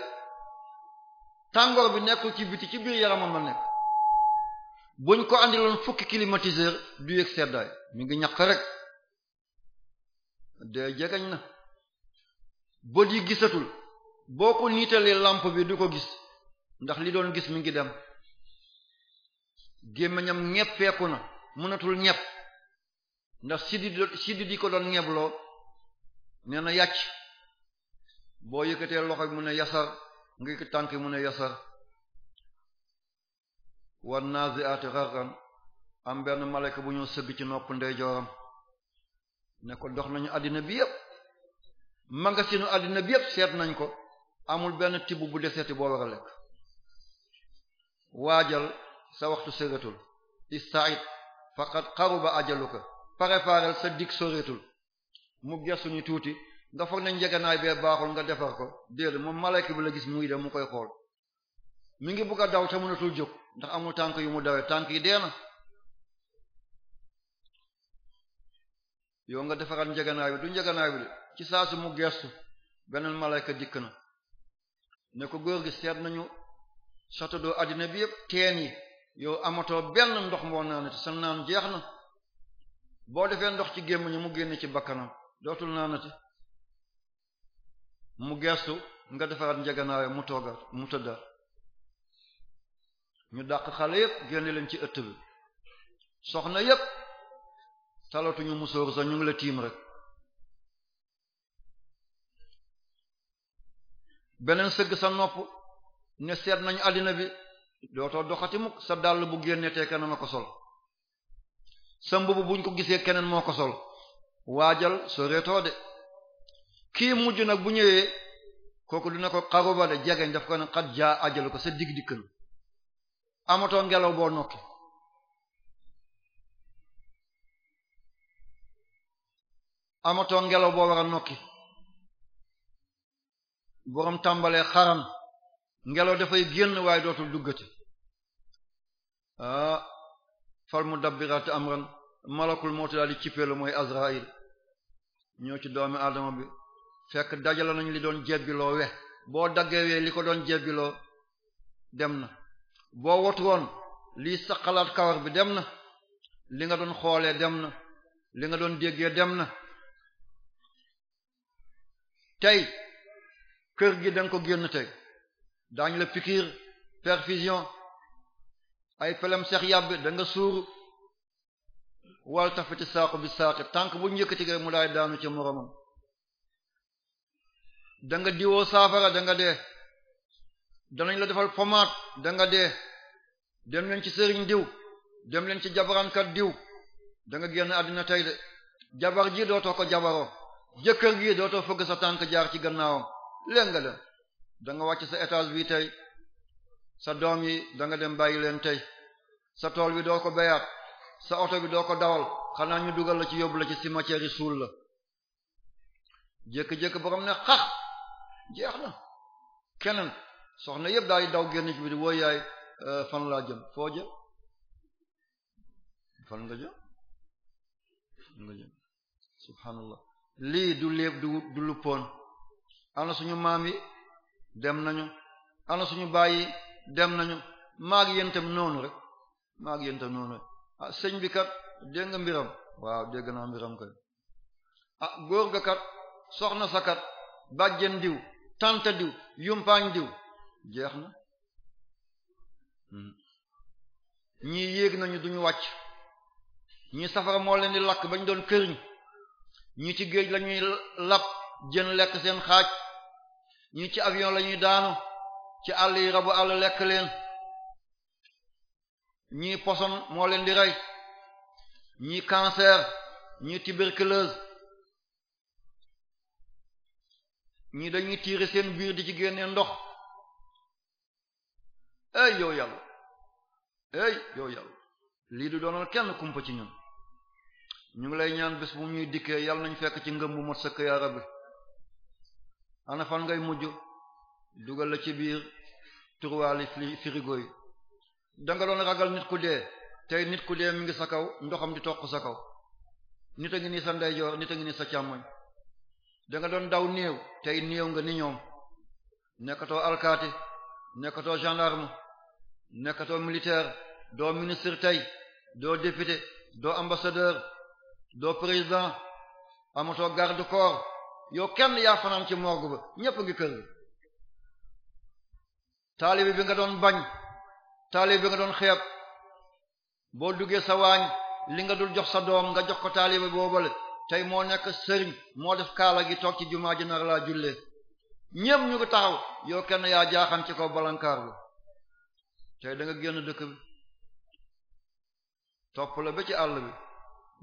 tàngoor bi nekkul ci biti ci biir yaramam la nekk buñ ko andiloon fukki climatiseur du yëg seddaay mi ngi ñax rek dee jegañ na bët yi gisatul boo ko niitalee làmp bi du ko gis ndax li doon gis mi ngi dem gémmiñam ñeppeeku na mënatul ñepp ndax siddi siddi di ko doon ñebloo nee na yàcc boo yëkkatee loxo bi mu ne yasar nga yëkkati tànk mu ne yasar wan nazi'ati gharqan am benn malayka bu ñëw sëgg ci nopp ndeyjooram ne ko dox nañu àddina bi yëpp magasinu àddina bi yëpp seet nañ ko amul benn tibb bu deseeti boo war a lekk waajal sa waxtu sëreetul ista'id faqad qaruba ajaluka préparer sa dikk soreetul mu gestu ni tuuti nga foog ne njeganaay bee baaxul nga defar ko déedéet moom malayka bu la gis muy dem mu koy xool mi ngi bugg a daw te mënatul jóg ndax amul tànk yu mu dawee tànk yi dee na yow nga defaraat njeganaay bi du njeganaay bi de ci saa si mu gestu beneen malayka dikk na ne ko góor gi seet nañu château àddina bi yëpp teen yi yow amatoo benn ndox moo naan te sa naan jeex na boo defee ndox ci gémmiñu mu génne ci bakkanam dootul naanati mu gestu nga defaraat njeganaay mu toogaat mu tëddaat ñu dàq xale yëpp génne leen ci ëtt bi soxna yëpp talatuñu musóor sa ñu ngi la tiim rek beneen sëgg sa nopp ne seet nañu àddina bi dootoo doxati mukk sa dàll bu génnee te keneen a ko sol sa mbubu buñ ko gisee keneen moo ko sol waajal soo reetoo de kii mujj nag bu ñëwee kooku dina ko xaruba de jegeñ daf ko ne xat jaa ajal ko sa dig dikk amatoo ngelaw boo nokki amatoo ngelaw boo war a nokki boroom tàmbalee xaran ngelaw dafay génn waaye dootul duggati ah fal am amran malakul mawti daal di cippeelu mooy Azrail ñëw ci doomi Adama bi fekk dajale nañu li doon jebbiloo we boo daggee wee li ko doon jebbiloo dem na boo watu woon lii sa xalaat kawar bi dem na li nga doon xoolee dem na li nga doon déggee dem na tey kër gi danga ko génn tey daañu la piqûre ay pelem seex yàbb da nga suuru wal tafati saaqu bi saaqi tànk bu njëkk ga mu daay daanu ci moromam da diwoo saafara danga nga dee danañ la defal pomaat da nga dee dem leen ci sëriñ diw dem leen ci jabarankat diw danga nga génn àddina tey de jabar ji dootoo ko jabaroo jëkkër gi dootoo fëgg sa tànk jaar ci gannaawam leen nga dem danga nga wàcc sa étage bi tey sa doom yi danga dem bàyyi leen tey sa tool bi doo ko béyaat sa oto bi doo ko dawal xanaa ñu dugal la ci yóbbu la ci cimetière yi suul la jékki-jékki borom ne xax jeex na keneen soxna yëpp daal di daw génn ci biti wooy yaay euh, fan laa jëm foo jëm fan nga jëm fan lii du léeb du luppoon ana suñu maam yi dem nañu ana suñu bàyyi dem nañu maag yentam noonu rek maag yentam noonu rek ah sëñ bi kat dégg nga mbiram waaw dégg naa mbiram kay ah góor ga kat soxna sa kat bàjjen diw tante diw yumpaañ diw jeex na hmm. ñii yéeg nañu duñu wàcc ñii safara moo leen di lakk bañ doon këriñ ñii ci géej lañuy lap jën lekk seen xaaj ñii ci avion lañuy daanu ci àll yi rabu àll lekk leen ñii poson moo leen di rey ñii cancer ñii tuberculose ñii dañuy tiire seen biir di ci génnee ndox ey yow yàlla ey yow yàlla lii du doonal kenn kumpa ci ñun ñu ngi lay ñaan bés bu ñuy dikkee yàlla nañ fekk ci ngëm bu mat sëkk yaa rabbi ana fan ngay mujj dugal la ci biir turwaali firigo yi danga doon ragal nit ku dee tey nit ku dee mi ngi sa kaw ndoxam di toq sa kaw nit a ngi nii sa ndeyjoor nit a ngi nii sa càmmoñ danga doon daw néew tey néew nga ni ñoom nekkatoo alkaati nekkatoo gendarme nekkatoo militaire doo ministre tey doo député doo ambassadeur doo président amatoo garde corps yow kenn yaa fanaan ci morgue ba ñépp ngi kër gi taalibe bi nga doon bañ taalibe bi nga doon xeeb boo duggee sa waañ li nga dul jox sa doom nga jox ko taalibe boobale tey moo nekk sëriñ moo def kaala gi toog ci jumaa ji nar laa jullee ñépp ñu ngi taxaw yow kenn yaa jaaxan ci ko balankaar bi tey da nga génn dëkk bi topp la ba ci àll bi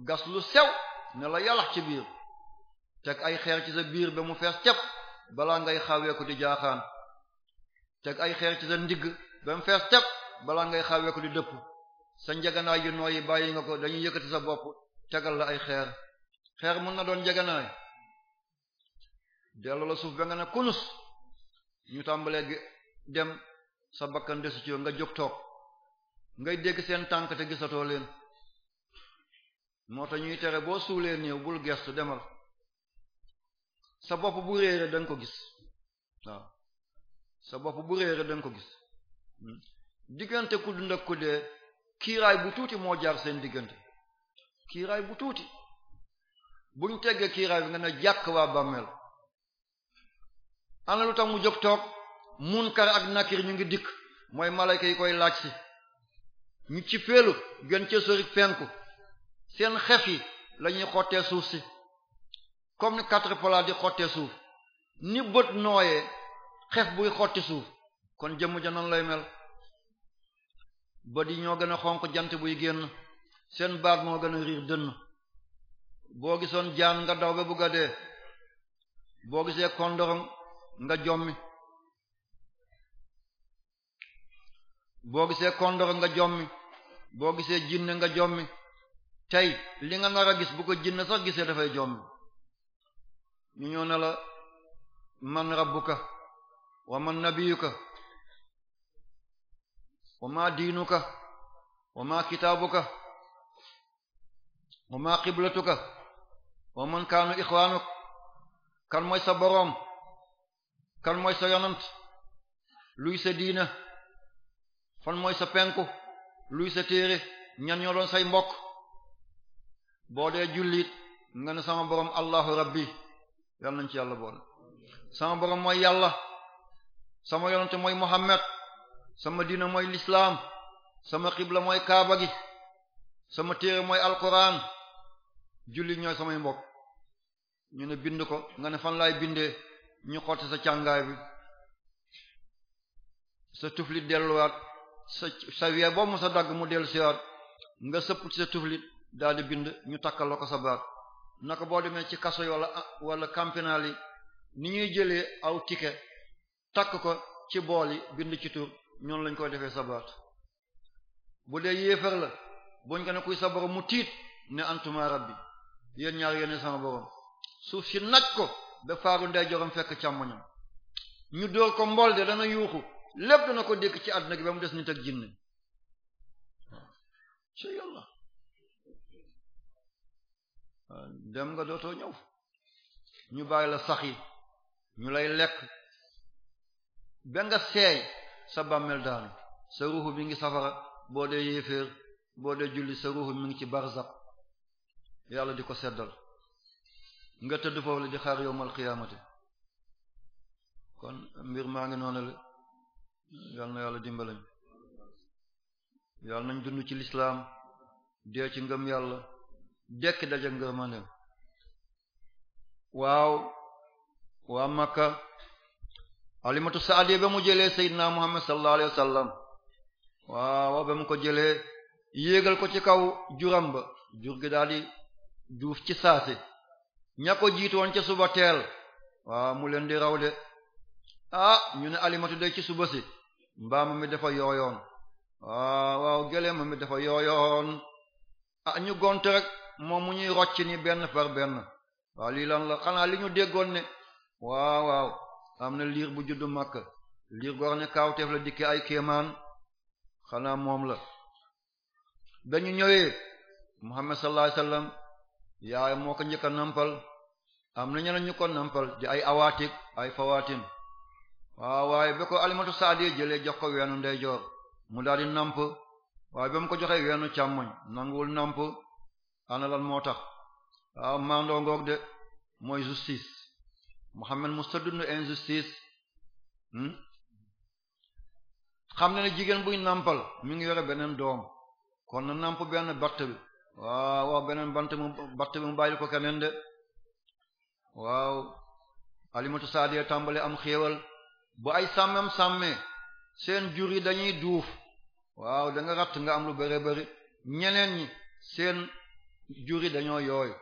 gas lu sew ne la yalax ci biir teg ay xeer ci sa biir ba mu fees tepp balaa ngay xaweeku di jaaxaan teg ay xeer ci sa ndigg ba mu fees tepp ngay xaweeku di dëpp sa njeganaay yu nooyi bàyyi nga ko dañuy yëkkati sa bopp tegal la ay xeer xeer mën na doon njeganaay delloo la suuf ba nga ne kunus ñu tàmbalee dem sa bakkan desu ci nga jóg toog ngay dégg seen tànk te gisatoo leen moo tax ñuy tere boo suulee néew bul gestu demal sa bopp bu réere danga ko gis waaw sa bu réere danga ko gis hmm. diggante ku dund ak kiiraay bu tuuti moo jaar seen diggante kiiraay bu tuuti buñ teggee kiiraay bi nga ne jàkk waa bàmmeel ana lu tax mu jóg toog munkar ak nakir ñu ngi dikk mooy malayka yi koy laaj si ñu ci féelu gën ci sori penku seen xef yi lañuy xottee suuf si comme ni catapole di xottee suuf ni bët nooyee xef buy xotti suuf kon jëmm ja lay mel bët yi ñoo gën a xonq jant buy génn seen baat moo gën a riir dënn boo gisoon jaan nga daw ba bugga dee boo gisee kondorong nga jommi boo gisee kondoro nga jommi boo gisee jinne nga jommi tey li nga nar a gis bu ko jinne sax gisee dafay jommi ñu ñëw ne la man rabbuka wa man nabiyuka wa ma diinuka wa ma kitaabuka wa ma qiblatuka wa man kaanu ixwaanuk kan mooy sa boroom kan mooy sa yonant luy sa diina fan mooy sa penku luy sa téere ñan ñoo doon say mbokk boo dee jullit nga ne sama borom allahu rabbi yal nañ ci yàlla boole sama borom mooy yàlla sama yonante mooy muhammad sama diina mooy lislaam sama xibla mooy kaaba gi sama téere mooy alquran jullit ñooy samay mbokk ñu ne bind ko nga ne fan laay bindee ñu xotti sa càngaay bi sa tuflit delluwaat sa sa wee boo mu a dagg mu dellu siwaat nga sëpp ci sa tuflit daal di bind ñu takkal la ko sa baat naka boo demee ci kaso yi wala ah, wala campinal yi ni ñuy jëlee aw ticket takk ko ci bool yi bind ci tur ñoom lañ koy defee sa baat bu dee yéefar la buñ ko ne kuy sa borom mu tiit ne antuma bi yéen ñaar yéen sama borom suuf si nag ko ba faaru ndey jorom fekk càmmoñam ñu dóor ko mbool de dana yuuxu lépp dana ko dékk ci àdduna gi ba mu des nit ak jinne ci yàlla dem nga dootoo ñëw ñu bàyyi la sax yi ñu lay lekk ba nga seey sa bàmmeel daanu sa ruuxu mi ngi safara boo dee yéeféer boo dee julli sa ruuxu mi ngi ci barzak yàlla di ko seddal nga tëdd foofu la di xaar yowmal xiyaamati kon mbir maa ngi noonu la yal na yàlla dimbalañ yal dund ci lislaam dee ci ngëm yàlla dekk daja ngërmaneem waaw waa makka alimatu saadiya ba mu jëlee seydina muhammad sallallahu alayhi wasallam waaw ba mu ko jëlee yéegal ko ci kaw juram jur gi daal juuf ci saasi ña ko jiitoon ca suba teel waaw mu leen di raw de ah ñu ne alimatu day ci suba si mbaam mi dafa yooyoon ah, waaw waaw gëléem mi dafa yooyoon ah ñu gonte rek moom mu ñuy rocc ni benn par benn waaw lii lan la xanaa li ñu déggoon ne waaw waaw am na liir bu juddu màkk liir goo xam ne kaawteef la dikkee ay kéemaan xanaa moom la dañu ñëwee Muhammad sallallahu alayhi yaay moo ko njëkk a nampal am na ñeneen ñu ko nampal di ay awaatik ay fawaatim waaw ah, waaye ba ko alimatu saadiya jëlee jox ko weenu ndeyjoor mu daal di namp waaye ba mu ko joxee weenu càmmoñ nanguwul namp ana moo tax waaw ah, mandoo ngoog de mooy justice Muhammad musta dund injustice hmm? xam ne ne jigéen buy nampal mi ngi yore beneen doom kon na namp benn bat bi waaw waaw beneen bant mu batt bi mu bàyyi ko keneen de waaw alimatu saadiya tàmbale am xéewal bu ay sàmmam sàmmee seen jur yi dañuy duuf waaw danga nga ratt nga am lu bëri bëri ñeneen ñi seen jur yi dañoo yooyu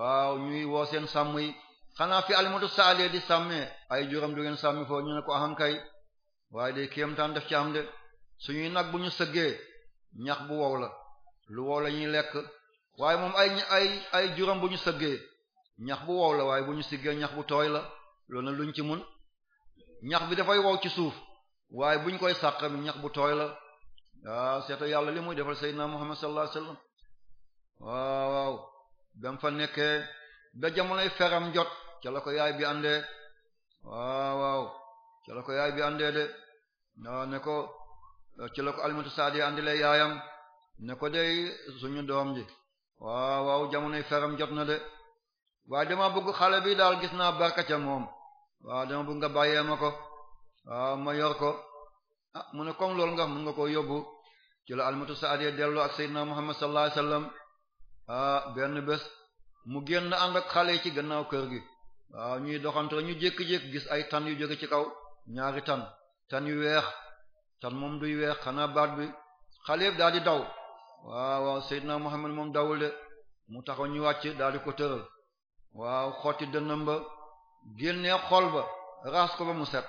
waaw ñuy woo seen sàmm yi xanaa fi alimatu saalee di sàmmee ay juram du ngeen sàmmi foofu ñu ne ko ahankay waaye day kéemtaan def ci am de suñuy nag bu ñu sëggee ñax bu wow la lu wow la ñuy lekk waaye moom ay ay ay juram bu ñu sëggee ñax bu wow la waaye bu ñu siggee ñax bu tooy la lool na luñ ci mun ñax bi dafay wow ci suuf waaye buñ koy sàq ñax bu tooy la waaw seeta yàlla li muy defal sayyidina Muhammad sallallahu alayhi wasallam waaw waaw bam fa nekkee ba jamonoy feram jot ca ko yaay bi àndee waaw waaw ca ko yaay bi àndee de waaw ne ko ci ne ko dey suñu doom ji waaw waaw jamonoy feram jot na de waaye dama bëgg xale bi daal gis naa barka ca moom waaw dama bëgg nga bàyyee ma ko waaw ma yor ko ah mu ne comme loolu nga mën nga ko yóbbu ci la almatu saadiya delloo ak sayyidina Muhammad sallallahu alayhi wasallam ah benn bés mu génn ànd xale yi ci gannaaw kër gi waaw ñuy doxantoo ñu jékki-jékki gis ay tan yu jóge ci kaw ñaari tan tan yu weex tan moom duy weex xanaa baat bi xale yëpp daal di daw waaw waaw Seydina Muhammad moom dawul de mu taxaw ñu wàcc daal di ko tëral waaw xotti dënnam génnee xol ba raas ko ba mu set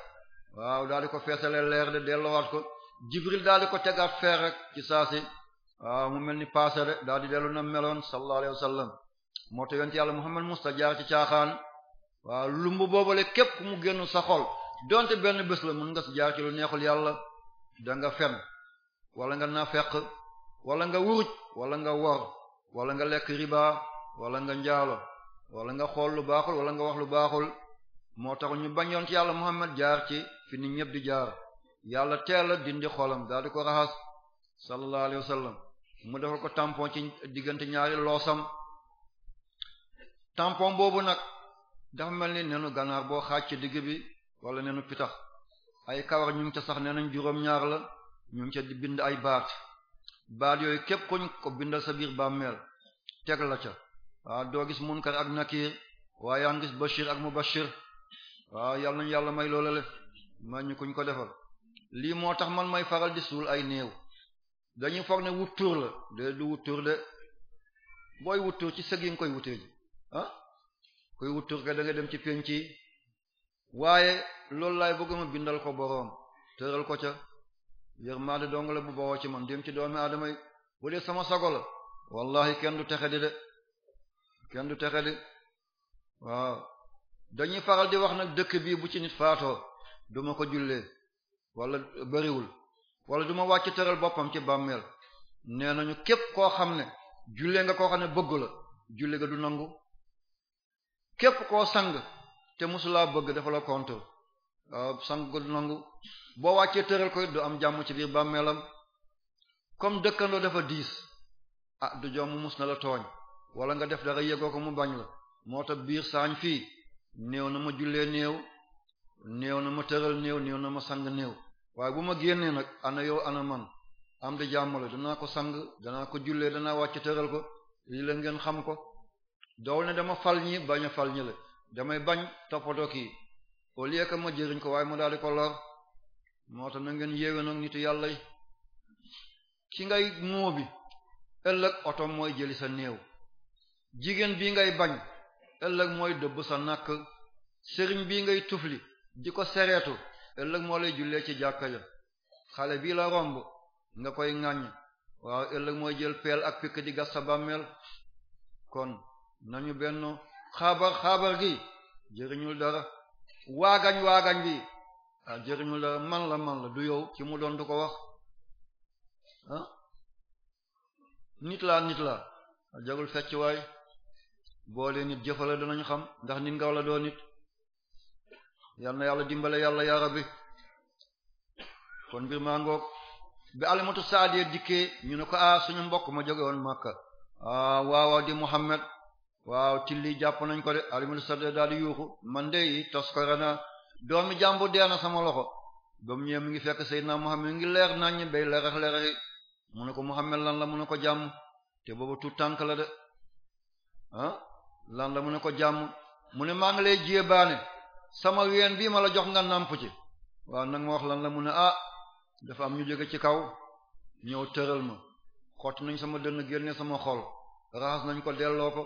waaw daal di ko feesale leer de delluwaat ko jibril daal di ko tegaat feer rek ci saasi waaw mu mel ni passé de daal di dellu na meloon sallallahu alayhi wasallam moo te yonent yàlla muhammad musta jaar ci caaxaan waaw lumb boobale képp ku mu génn sa xol donte benn bés la mu nga si jaar ci lu neexul yàlla da nga fen wala nga nafeq wala nga wuruj wala nga wor wala nga lekk riba wala nga njaalo wala nga xool lu baaxul wala nga moo tax ñu bañ ci yàlla Muhammad jaar ci fi nit ñëpp di jaar yàlla teel a dindi xolam daal di ko raxas sallallahu alayhi wasallam mu defal ko tampon ci diggante ñaari loosam tampon boobu nag dafa mel ni nenu ganaar boo xaaj ci digg bi wala nenu pitax ay kawar ñu ngi ca sax nee nañ juróom-ñaar la ñu ngi ca bind ay baat baat yooyu képp kuñ ko bindal sa biir bàmmeel teg la ca waaw doo gis munkar ak nakiir waaye yaa ngi gis bashir ak mubashir waaw yàlla nañu yàlla may loola le ñu kuñ ko defal lii moo tax man may faral di suul ay néew dañuy foog ne wuttuur la de du wuttuur de booy wuttuur ci sëg yi koy wutee ji ah koy wuttuur ka dem ci penc yi waaye loolu laay bëgg bindal ko boroom tëral ko ca yërmaande dong la bu bawoo ci man dem ci doomi aadama yi bu dee sama sago la wallahi kenn du texe di de kenn du texe waaw dañuy faral di wax nag dëkk bi bu ci nit faatoo duma ko jullee walla bariwul wala duma wàcc tëral boppam ci bàmmeel nee nañu képp koo xam ne jullee nga koo xam ne bëgg la julli nga du nangu képp koo sang te musulaa bëgg dafa la contre sang ko du nangu boo wàccee tëral ko du am jàmm ci biir bàmmeelam comme dëkkandoo dafa diis ah du joom mu mus na la tooñ wala nga def dara yëgoo ko mu bañ la moo tax biir saañ fii néew na ma julee néew néew na ma tëral néew néew na ma sang néew waaye bu ma génnee nag ana yow ana man am di jàmmale danaa ko sang danaa ko jullee danaa wàcc tëral ko lii la ngeen xam ko doow ne dama fal ñi bañ a fal ñi la damay bañ toppatoo ki au lieu que ma jëriñ ko waaye mu daal di ko lor moo tax na ngeen yéwé nag nitu yàlla yi ki ngay moo bi ëllëg oto mooy jëli sa néew jigéen bi ngay bañ ëllëg mooy dëbb sa nakk sëriñ bi ngay tufli di ko sereetu ëllëg moo lay jullee ci jàkka ja xale bii la romb nga koy ŋàññ waaw ëllëg mooy jël peel ak pikk di gas sa bàmmeel kon nañu benn xaabar xaabar gi jëriñul dara waagañ waagañ bi ah jëriñul dara man la du yow ci mu doon du ko wax ah nit laa nit fecc waay boole nit it jëfale danañ xam ndax nit nga wala doo nit yal na yàlla dimbale yàlla ya rabbi kon mbir maa ngoog bi alimatu saadiya dikkee ñu ne ko ah suñu mbokk ma jóge woon Makka ah waaw di Muhammad waaw tilli jàpp nañ ko de alimatu saadiya daal yuuxu man de yi tos ko rena doomi jàmbu dee na sama loxo ba mu mi ngi fekk Seydina Muhammad ngi leer naññ bay leerax leeraxi mu ne ko Muhammad lan la mu ne ko jàmm te boobu tout tànk la de ah lan la mu ne ko jàmm mu ne maa ngi lay ne sama ween bii ma la jox nga nàmp ci waaw nag ma wax lan la mu ne ah dafa am ñu jóge ci kaw ñëw tëral ma xotti nañ sama dënn génne sama xol raxas nañ ko delloo ko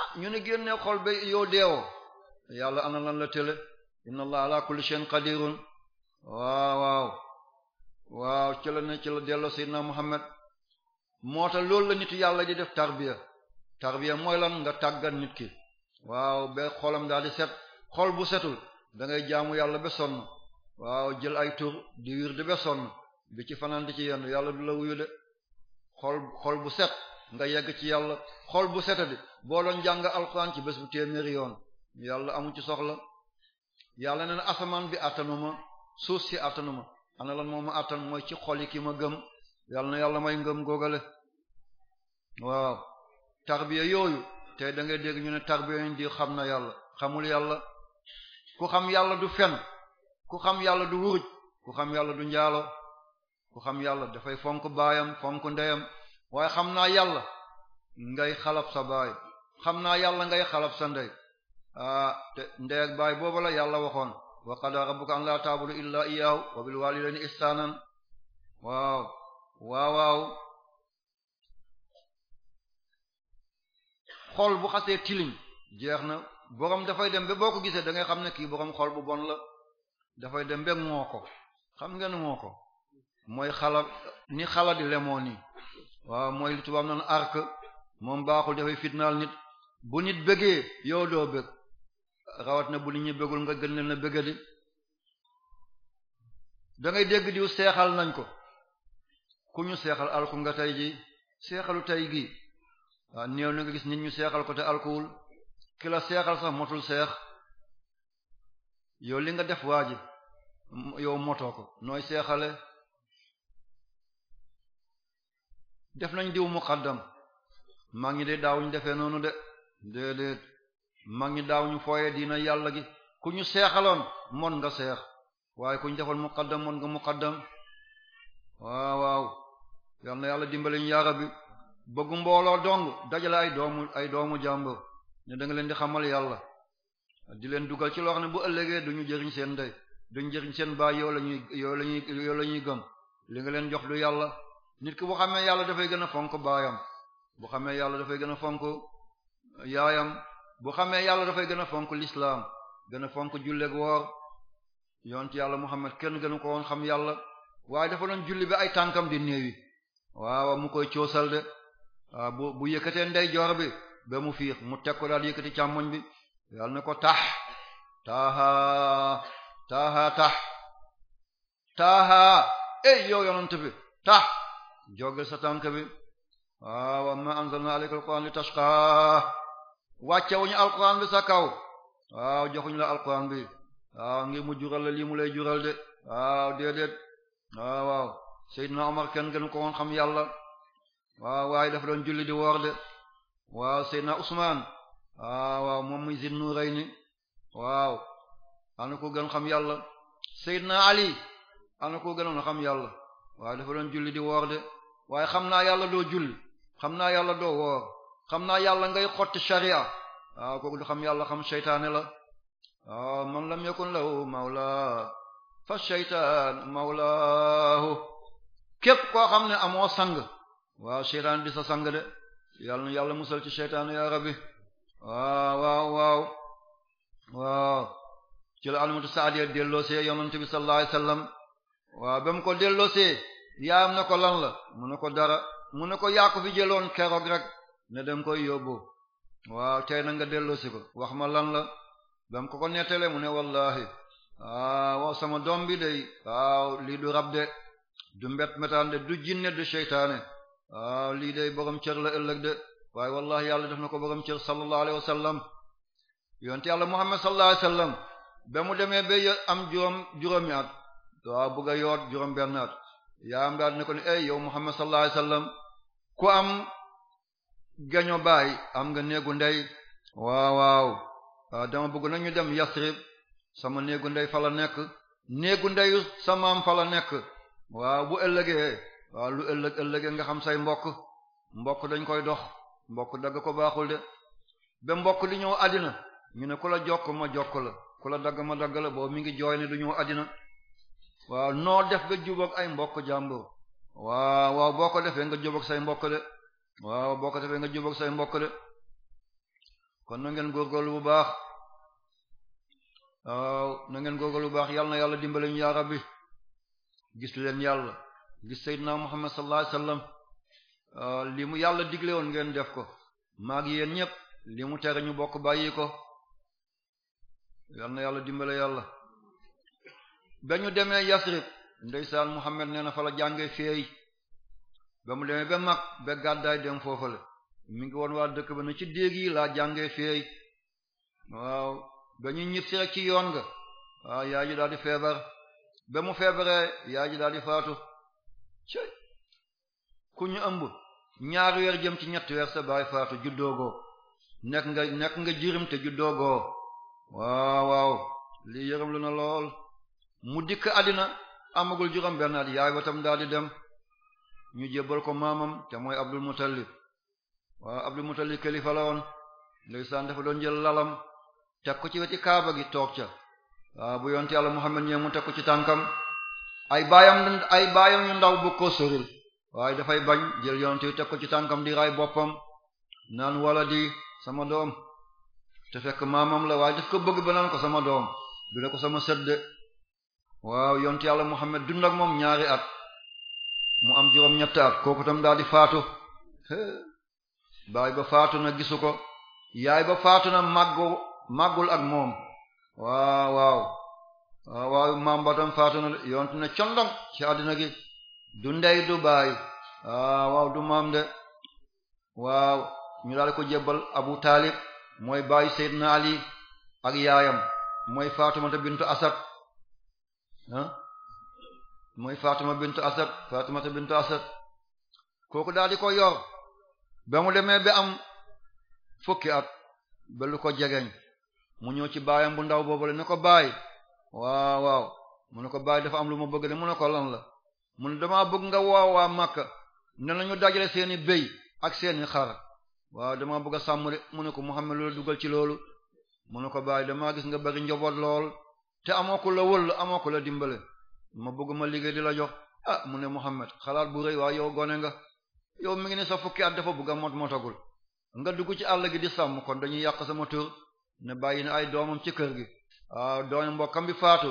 ah ñu ne génne xol ba yow deewoo yàlla ana lan la tële inna allah ala kulli shay'in qadirun waaw waaw waaw ci la ne ci la delloo sayyidina muhammad moo tax loolu la nitu yàlla di def tarbiya tarbiya mooy lan nga tàggat nit ki waaw ba xolam daal di set xol bu setul dangay ngay jaamu yàlla ba sonn waaw jël ay tur di wirde ba sonn bi ci fanaan di ci yenn yàlla du la wuyu de xol bu set nga yegg ci yàlla xol bu setadi boo doon jàng alxuraan ci bés bu téeméeri yoon yàlla amu ci soxla yàlla nee na asamaan bi attanuma suuf si attanuma ana lan moom ma attan mooy ci xol yi ki ma gëm yàlla na yàlla may ngëm googale waaw tarbiya yooyu tey da ngay dégg ñu ne tarbiya yooyu di xam na yàlla xamul yàlla ku xam yàlla du fen ku xam yàlla du wuruj ku xam yàlla du njaalo ku xam yàlla dafay fonk baayam fonk ndeyam waaye xam naa yàlla ngay xalab sa baay xam naa yàlla ngay xalab sa ndey ah, te ndey baay boobu la yàlla waxoon wa qadaa rabbuka an laa ta'budu illaa iyyaahu wa bil waalidayni ihsaanan waaw waaw waaw xol bu xasee tilim jeex na borom dafay dem ba boo ko gisee dangay xam ne kii borom xol bu bon la dafay dem ba moo ko xam ngeen moo ko mooy xala ni xala di lemoo nii waaw mooy li tubaab naan arc moom baaxul dafay fitnaal nit bu nit bëggee yow doo bëgg rawat na bu nit ñi bëggul nga gën leen a bëgga di da ngay dégg diw seexal nañ ko ku ñu seexal alku nga tey ji seexalu tey gii néew na nga gis nit ñu seexal ko te alcool ki la seexal sax motul seex yow li nga def waa ji yow motoo ko nooy seexale def nañ diw muqaddam mag ñi de daaw ñu defee noonu de déedéet mag ñi daaw ñu fooyee diina yàlla gi ku ñu seexaloon mon nga seex waaye ku ñu defoon muqaddam mon nga muqaddam waaw waaw yal yàlla dimbali ñu bi bëgg mbooloo dong dajale ay doomu ay doomu jàmbur ne leen di xamal yàlla di leen dugal ci loo xam ne bu ëllëgee du ñu jëriñ seen ndey duñu jëriñ seen baay yow la ñuy yow la ñuy yow la ñuy gëm li nga leen jox du yàlla nit ki bu xamee yàlla dafay gën a fonk baayam bu xamee yàlla dafay gën a fonk yaayam bu xamee yàlla dafay gën a fonk lislaam gën a fonk julleg woor yont yàlla Muhammad kenn gënu ko woon xam yàlla waaye dafa doon julli bi ay tànkam di néewi waaw mu koy coosal bu bu yëkkatee ndeyjoor bi ba mu fiix mu teg ko daal yëkkati càmmoñ bi yàlla na ko tax taha taha tax ey eh, yow yonent bi tax jogal sa tànk bi waaw amma anzalna alayka alquran li tashqa wàccewuñu alquran bi sa kaw waaw joxuñu la alquran bi waaw ngir mu jural la lii mu lay jural de waaw déedéet waaw waaw Seydina Omar kenn gënu ko woon xam yàlla waaw waaye dafa doon julli di woor de waaw Seydina Usmaan ah, waaw waaw moom muy Zin Nurayni waaw ana ko gën xam yàlla Seydina Ali ana ko gënoon xam yàlla waaye dafa loon julli di woor de waaye xam naa yàlla doo julli xam naa yàlla doo woor xam naa yàlla ngay xotti sharia waaw ah, kooku du xam yàlla xam seytaane la waaw ah, man lam yakun lahu mawla fa seytaan mawlaahu képp koo xam ne amoo sang waaw seytaan bi sa sang de yàlla musal ci seytaanu yaa rabbi waaw waaw waaw waaw ci la almatu saadiya delloosee yonent bi sallallahu alayhi wasallam waaw ba mu ko delloosee yaayam na ko lan la mu ne ko dara mu ne ko yaa ko fi jëloon keroog rek ne dem koy yóbbu waaw tey na nga delloosi ko wax ma lan la ba mu ko ko nettalee mu ne wallahi waaw sama doom bi day waaw lii du rab de du mbet metaan de du jinne du seytaane lii day borom cër la ëllëg de waaye wallahi yàlla def na ko borom cër sallallahu alayhi wa sallam yonte yàlla muhammad sallallahu alayhi wa mu demee ba am juróom juróomi at waaw bëgg yoot juróom benn yaa am daal ne ko ne ey yow muhammad sallallahu alayhi wa sallam ku am gaño baay am nga néegu ndey waaw waaw ah, dama bëgg nañu dem yasrib sama néegu ndey fala la nekk néegu ndeyu samaam fa la nekk waaw bu ëllëgee waaw lu ëllëg ëllëgee nga xam say mbokk mbokk dañ koy dox mbokk dagg ko baaxul de ba mbokk li ñëw àddina ñu ne ku la jokk ma jokk la ku la dagg ma dagg la boobu mi ngi jooy ne du ñëw àddina waaw noo def ba jubóog ay mbokk jàmbur waaw waaw boo ko defee nga jubóog say mbokk de waaw boo ko defee nga jubóog say mbokk kon na ngeen góorgóorlu bu baax waaw na ngeen góorgóorlu bu baax yàlla na yàlla dimbale ñu yaa rabbi gis leen yàlla gis Seydina Muhammad sallallahu alayhi wasallam euh, li mu yàlla digle woon ngeen def ko maag yéen ñëpp li mu tere ñu bokk bàyyi ko yal na yàlla dimbale yàlla ba ñu demee Yasrib ndeysaan Muhammad nee na fa la jànge feey ba mu demee ba mag ba gàddaay dem foofale mi ngi woon waa dëkk ba ne ci déeg laa jànge feey waaw ba ñu ñib si ci yoon nga yaay ji daal feebar ba mu feebaree yaay ji daal faatu ku ñu ëmb ñaar weer jëm ci ñetti weer sa baay faatu juddoogoo nekk nekk nga jirim te juddoogoo waaw waaw lii yërëm lu na lool mu dikk àddina amagul juróom benn at yaay watam daal di dem ñu jébbal ko maamam te mooy Abdul Muttalib waaw Abdul Muttalib kilifa la woon ndeysaan dafa doon jël lalam teg ko ci weti kaaba gi toog ca waaw bu yonte Yàlla Muhammad ñëw mu teg ko ci tànkam ay baayam ay baayam yu ndaw bu ko soril waaye dafay bañ jël yonent te ko ci tànkam di raay boppam naan wala di sama doom te fekk maamam la waaye daf ko bëgg ba naan ko sama doom du la ko sama sëdd waaw yonent yàlla Muhammad dund ak moom ñaari at mu am juróom ñett at kooku tam daal di faatu baay ba faatu na gisu ko yaay ba faatu na màggu màggul ak moom waaw waaw waaw maam ba tam faatu na yontu ne condom ci àddina gi du ndey du baay waaw du maam de waaw ñu daal ko jébbal Abu Taalib mooy baayu Seydina Ali ak yaayam mooy Faatumata bintu Asad ah mooy Faatuma bintu Asad Faatumata bintu Asad kooku daal di ko yor ba mu demee ba am fukki at ba ko jegeñ mu ñëw ci baayam bu ndaw boobale ne ko baay waaw waaw mu ne ko bàyyi dafa am lu ma bëgg de mu ne ko lan la mu ne damaa bëgg nga woo waa Makka ne nañu dajale seeni béy ak seeni xar waaw damaa bëgg a sàmm de mu ne ko Muhammad loolu dugal ci loolu mu ne ko bàyyi maa gis nga bëri njaboot lool te amoo ko la wëll amoo ko la dimbale ma bëgg ma liggéey di la jox ah mu ne Muhammad xalaat bu rëy waa yow gone nga yow mi ngi ne sa fukki at dafa bëgg a mot nga dugg ci àll gi di sàmm kon dañuy yàq sama ne bàyyi na ay doomam ci kër gi waaw doomi mbokkam bi faatu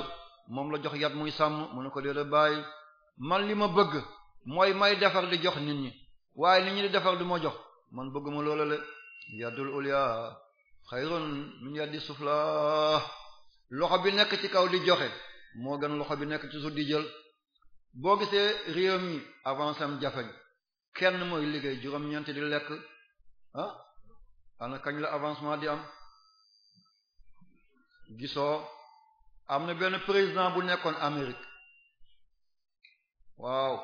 moom la jox yat muy sàmm mu ne ko déedéet bàyyi man li ma bëgg mooy may defar di jox nit ñi waaye nit ñi di defar du ma jox man bëgguma loola le yadul ulya xayrun min yadi sufla loxo bi nekk ci kaw di joxe moo gën loxo bi nekk ci suuf di jël boo gisee réew mi avancé am kenn mooy liggéey juróom-ñeent di lekk ah kañ la avancement di am gisoo am na benn président bu nekkoon Amérique waaw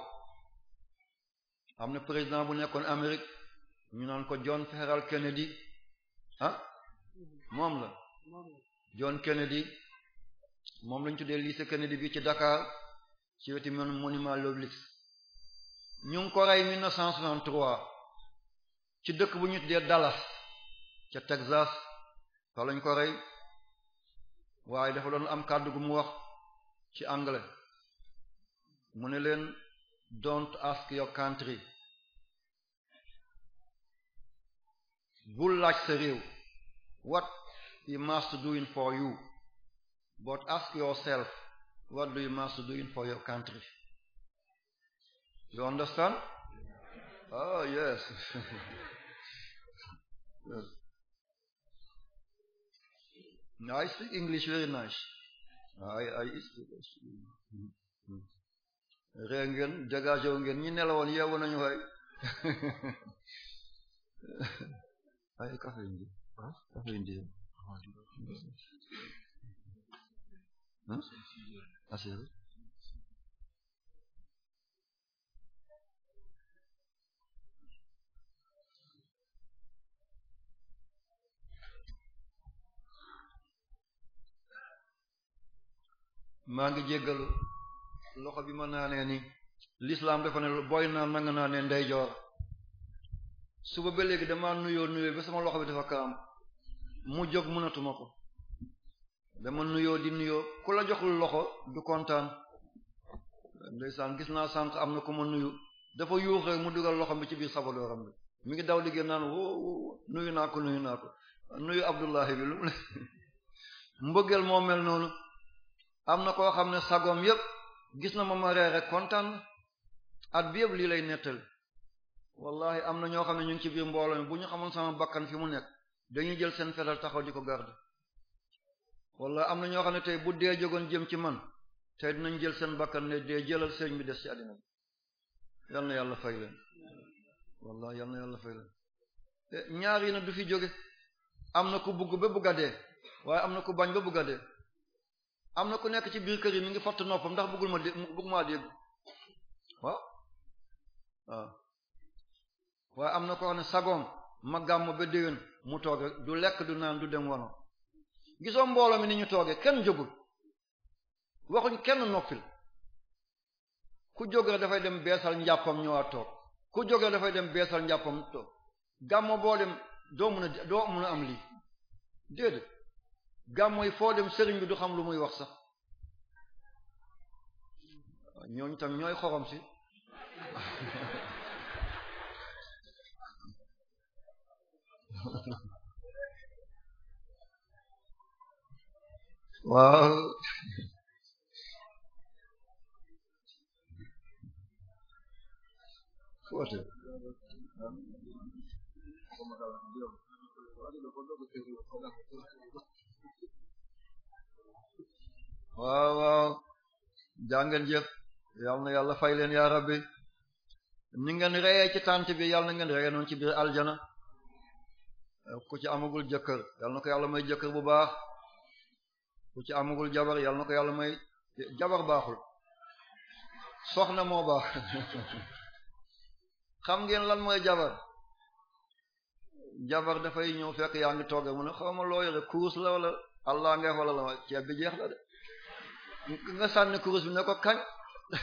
am na président bu nekkoon Amérique ñu naan ko John Ferrell Kennedy ah moom la John Kennedy moom lañ tuddee lycée Kennedy bi ci Dakar ci wetu monument l'Obélisque ñu ngi ko rey 1963 ci dëkk bu ñu tuddee Dallas ca Texas fa lañ ko rey waaye dafa doon am kàddu gu mu wax ci anglais mu ne leen don't ask your country bul laaj sa réew what you must doing for you but ask yourself what do you must doing for your country you understand oh yes No, I speak English very nice. I, I speak ree ngeen jagaajow ñi nelawoon yeewu nañu waay ay café indi café indi asir maa ngi jéggalu loxo bi ma naanee ni l'islam dafa ne booy naan nanga naanee ndeyjoor suba ba léegi damaa nuyoo nuyoo ba sama loxo bi dafa kaam mu jóg mënatuma ko dama nuyoo di nuyoo ku la joxul loxo du kontaan gis naa sànq am na ku ma nuyu dafa yuux rek mu dugal loxo bi ci biir sabadooram bi mi ngi daw liggéey naan woo nuyu naa ko nuyu Abdullahi bi lu mu mbëggeel moo noonu am na koo xam ne sagoom yëpp gis na ma moom reere kontaan at bi yëpp lii lay nettali wallahi am na ñoo xam ne ñu ngi ci biir mbooloo mi bu ñu xamoon sama bakkan fi mu nekk dañu jël seen fetal taxaw di ko garde wala am na ñoo xam ne tey bu dee jógoon jëm ci man dinañ jël seen bakkan ne dee jëlal sëriñ bi des ci àddina bi yal yàlla fay leen wallahi yal yàlla fay leen eh, ñaar yi na du fi jóge am na ku bugg ba bugga dee waaye am na ku bañ ba bugga dee am na ku nekk ci biir kër yi mi ngi fatt noppam ndax bëggul ma dé bëgg maa dégg waaw waaw waaye am na ko ne sagoom ma gàmm ba déwén mu tooge du lekk du naan du dem wano gisoo mbooloo mi ni ñu toogee kenn jógul waxuñ kenn noppil ku jóge dafay dem beesal njàppam ñëwaat toog ku jóge dafay dem beesal njàppam toog gàmmo boo doo mun am lii déedéet gàm mooy foo dem sëriñ bi du xam lu muy wax sax ñooñu tam ñooy xorom si waaw waaw jàngeen jëf yal na yàlla fay leen yaa rabbi ni ngeen reyee ci tant bi yal na ngeen reyee noonu ci biir aljana ku ci amagul jëkkër ko yàlla may jëkkër bu baax ku ci amagul jabar yal na ko yàlla may jabar baaxul soxna moo baax xam ngeen lan mooy jabar jabar dafay ñëw fekk yaa ngi toog mu ne xawma loo yore kuus la wala allah nga wala la ceeb bi jeex la de nga sànni kurus bi ne ko kañ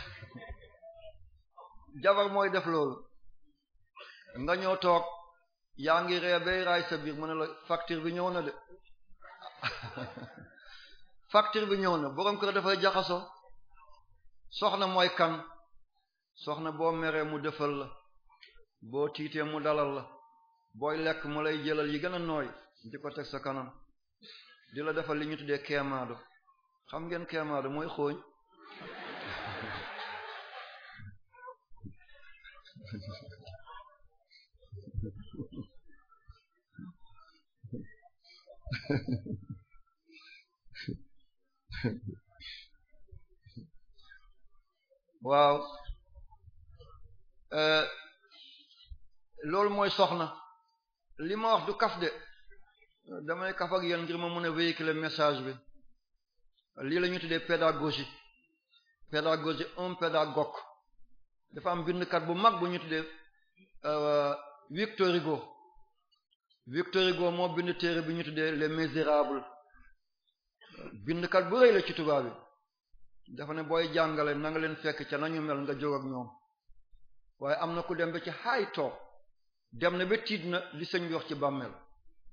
jabar mooy def loolu nga ñëw toog yaa ngi ree bay raay sa biir mu ne la facture bi ñëw na de facture bi ñëw na borom kër dafay jaxaso soxna mooy kan soxna boo meree mu defal la boo tiitee mu dalal la booy lekk mu lay jëlal yi gën a nooy di teg sa kanam di la defal li ñu tuddee keemaado xam ngeen kéemaane mooy xooñ waaw euh, loolu mooy soxna li ma wax du kaf de damay kaf ak yéen ngir ma mun a véhiculer message bi lii la ñuy tuddee pédagogie pédagogie un pédagogue dafa am bindkat bu mag bu ñuy tuddee euh, Victor Hugo Victor Hugo moo bind téere bi ñuy tuddee les misérables bindkat bu rëy la ci tubaab bi dafa ne booy jàngale na nga leen fekk ca nañu mel nga jóg ak ñoom waaye am na ku dem ba ci xaay toog dem na ba tiit na li sëñ bi wax ci bàmmeel